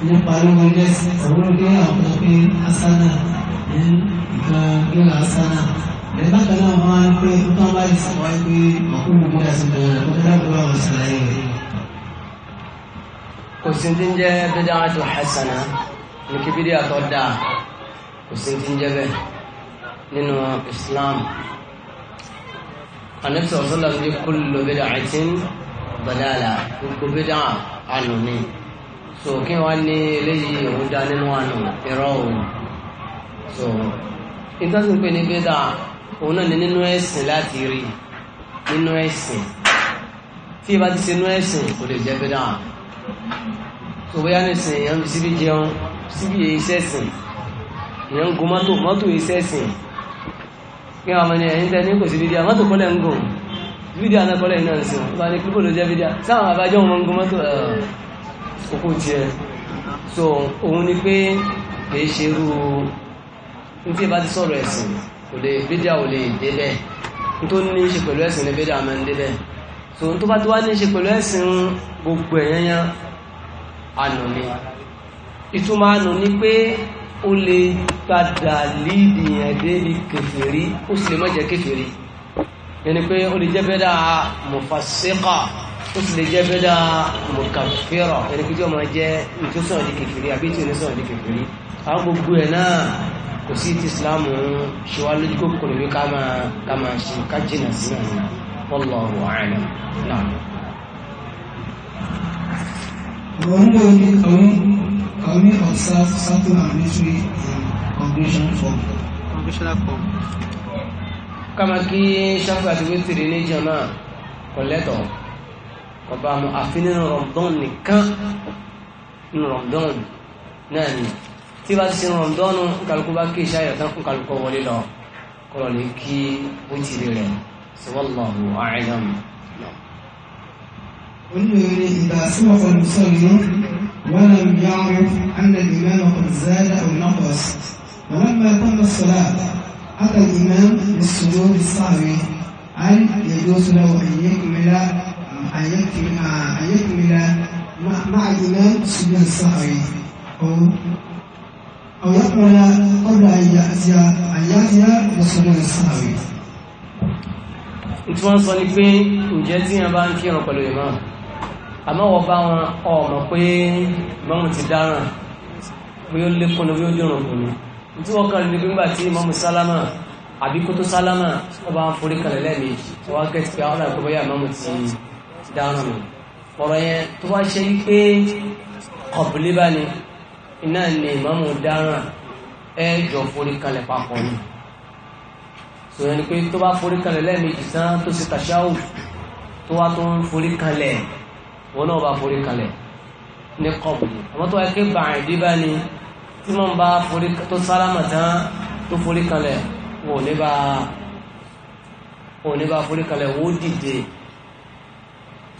nípa lórí lẹ́sìn ọ̀rọ̀ gbé àwọn pé asana nǹkan gbéra asana nígbà kan náà wọ́n á pé tó bá lè pé ọkùnrin gbé àti bẹ̀rẹ̀ ọ̀dọ́ àgbà wọn sàlàyé rẹ̀ kò sí ti ń jẹ́ bídá tó hasana ní kí bídá tó dáa kò sí ti nínú Islam anabisa wasala ní kullu bídá àìtín balala gbogbo bídá ànú ni so kí wọ́n ní eléyìí òun dá nínú ànú irọ́ òun so ìtọ́sí ń pè ní bídá òun náà ní nínú ẹ̀sìn láti rí nínú ẹ̀sìn tí ìbá ti ṣe nínú ẹ̀sìn kò lè jẹ́ bídá tó bóyá nìsín èèyàn fi síbí jẹun síbí èyí sẹ́sìn èèyàn ń gun mọ́tò mọ́tò èyí sẹ́sìn kí àwọn ọmọ ènìyàn tẹ́ ní kò sí fídíà mọ́tò kọ́lẹ̀ ń gùn fídíà náà kọ́lẹ̀ náà sí wọn bá ní pípò ló jẹ́ fídíà sáwọn àbájọ́ wọn ń gun mọ́tò òkú tiẹ̀ so òun ni pé kìí ṣe irú tí bá ti sọ̀rọ̀ ẹ̀sìn kò lè fídíà ò lè dé bẹ́ẹ̀ n tó ní í ṣe pẹ̀lú ẹ̀sìn ní fídíà máa ń dé bẹ́ẹ̀ so n tó bá ti wá ní í ṣe pẹ̀lú ẹ̀sìn gbogbo ẹ̀yẹ́yẹ́ ànù ni ìtumọ̀ ànù ni pé ó lè padà líìdì yẹn débi kèfèrí ó sì lè má jẹ́ kèfèrí yẹn ni pé ó lè jẹ́ bẹ́dà mufasiqa ó sì lè jẹ́ bẹ́dà mukafira yẹn ni pé tí ó máa jẹ́ tí ó sọ̀rọ̀ di kèfèrí àbí tí ó ní sọ̀rọ̀ di kèfèrí àwọn gbogbo ẹ̀ náà kò sí ti islam ṣe wá lójú kòkòrò wí ká máa ṣe ká jìnà sí ọlọ́run àìlẹ̀ náà. Normally, can we, can we observe certain arbitrary congressional form? Congressional form. Kama kí ṣáfù àti wítìrì ní jama kọ̀lẹ́tọ̀ ọba àmọ́ àfi nínú Ramadan nìkan nínú Ramadan náà ni tí bá ti ṣe Ramadan kálukú bá kí ìṣá ìyàtọ̀ fún kálukú wọlé lọ kọlọ̀ lè kí wítìrì rẹ̀ sọ wallahu a'lam. والنور إذا صرف المصلي ولم يعرف أن الإمام قد زاد أو نقص ولما تم الصلاة أتى الإمام بالسجود الصعبي هل يجوز له أن يكمل أن يكمل أن يكمل مع الإمام السجود الصعبي أو أو يقبل قبل أن يأتي أن يأتي بالسجود الصعبي. Ìtúwọ́n sọ ni pé ǹjẹ́ tí a bá ń kírun pẹ̀lú ìmáàmù àmọ́ wọ́n bá wọn ọmọ pé mọ́mù ti dáràn bí ó lékún ní bí ó dìrùn kù ní tí wọ́n kàn ní gbígbà tí mọ́mù sálámà àbí kó tó sálámà ó bá ń forí kalẹ̀ lẹ́ẹ̀mejì tó wá kẹ́tì pé àwọn àgbẹ̀ bóyá mọ́mù ti dáràn nù ọ̀rọ̀ yẹn tó wá ṣe wípé kọ̀bùlé bá ní iná wọn náà bá forí kalẹ̀ ní kọ́ọ̀bù ni àmọ́ tó wáyé pé bàrìn bíbá ni tí wọ́n bá forí tó sálámà tán tó forí kalẹ̀ wọn ò ní bá wọn ò ní bá forí kalẹ̀ wọ́n dìde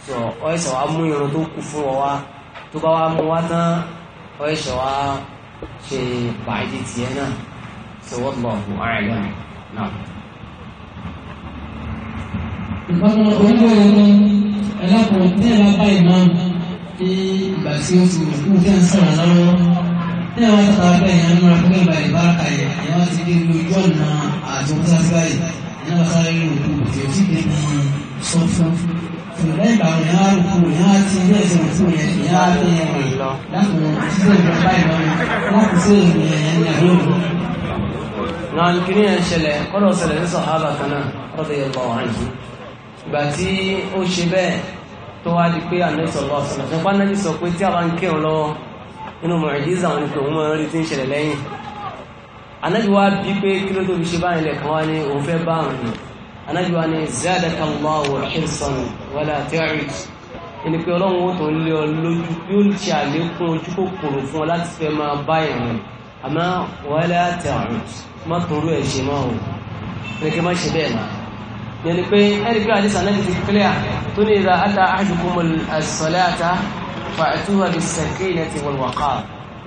sọ ọ̀ẹ́sọ̀ wa mú irun tó kù fún wa tó bá wa mú wa tán ọ̀ẹ́sọ̀ wa ṣe bàjẹ́ tiẹ̀ náà sọ wọ́n bọ̀ fún ara ẹ̀ náà. ìfọ̀nà orílẹ̀-èdè ẹlẹ́kùn ní ẹ̀la báyìí máa ní ìgbà tí ó ti rò kúrò fẹ́ẹ́ sọ̀rọ̀ lọ́wọ́ ní ẹ̀wọ́n tàbá bẹ́ẹ̀ yẹn múra fún ìgbà ìbáraka yẹn ìyẹn wọ́n ti dé lójú ọ̀nà àti mọ́sáàsì báyìí ìyẹn wọ́n sáré lò kú òfin òfin dé ní sọ́fún fúnlẹ̀ ìgbà wọn yẹn á rò kú yẹn á ti ilé ẹ̀sìn òkú yẹn ìyẹn á tẹ̀ yẹn rìn lákòó sísè ìgbà báyìí lọ́wọ́ náà kí ní ẹ̀ ṣẹlẹ̀ kọ́lọ̀ ṣẹlẹ̀ ní sọ̀hábà kanáà rọ́dẹ̀ yẹ̀ lọ́wọ́ àìsí ìgbà tí ó ṣe bẹ́ẹ̀ tó wá di pé àná ìsọ̀lọ́ ọ̀sán àti ọ̀pá náà sọ pé tí a bá ń kírun lọ́wọ́ nínú mọ̀rẹ̀díza wọn ni pé òun máa ń rí tí ń ṣẹlẹ̀ lẹ́yìn anájú wa bí pé kí ló tóbi ṣe báyìí lẹ́ẹ̀kan wá ní òun fẹ́ bá àrùn ni anájú wa ní zadakallahu hirsan wala ta'ud ẹni pé ọlọ́run ó tó ń lé ọ lójú yóò ṣe àlékún ojú kòkòrò fún ọ láti fẹ́ máa bá ìrìn àmọ́ wala ta'ud má torí ẹ̀ ṣe máa wò ẹni má ṣe bẹ́ẹ̀ náà yẹni pé ẹni pé àdísà náà ti kílẹ̀ tó ní ìdá àtà ahadukumul as-salata fa'tuha bis-sakinati wal-waqar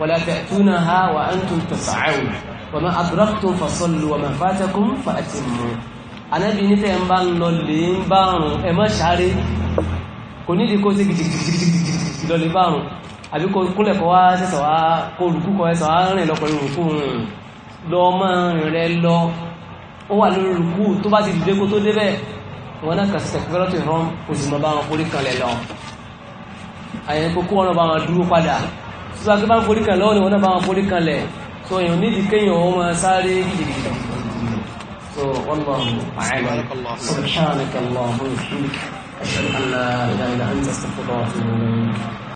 wa la ta'tunaha wa antum tas'un wa ma adraktum àbí kò kúnlẹ̀ kọ́ wá sẹ́sọ̀ wá kó kọ́ ẹ̀sọ̀ rìn lọ pẹ̀lú òkú rùn lọ mọ́ rìn rẹ lọ ó wà lórí rùkú tó bá ti dìde kó tó débẹ̀ wọn náà kà sẹ̀kú lọ́tò ìran òsìmọ̀ bá wọn forí kanlẹ̀ lọ àyẹ̀yẹ́ kókó wọn bá wọn dúró padà tó bá bá forí kanlẹ̀ lọ́wọ́ ni wọn náà bá wọn forí kanlẹ̀ tó èèyàn nídìí kéèyàn wọn máa sáré gidigidi so wọn bá wọn àyẹ̀yẹ́ sọ̀rọ̀ sáà nìkan lọ́wọ́ fún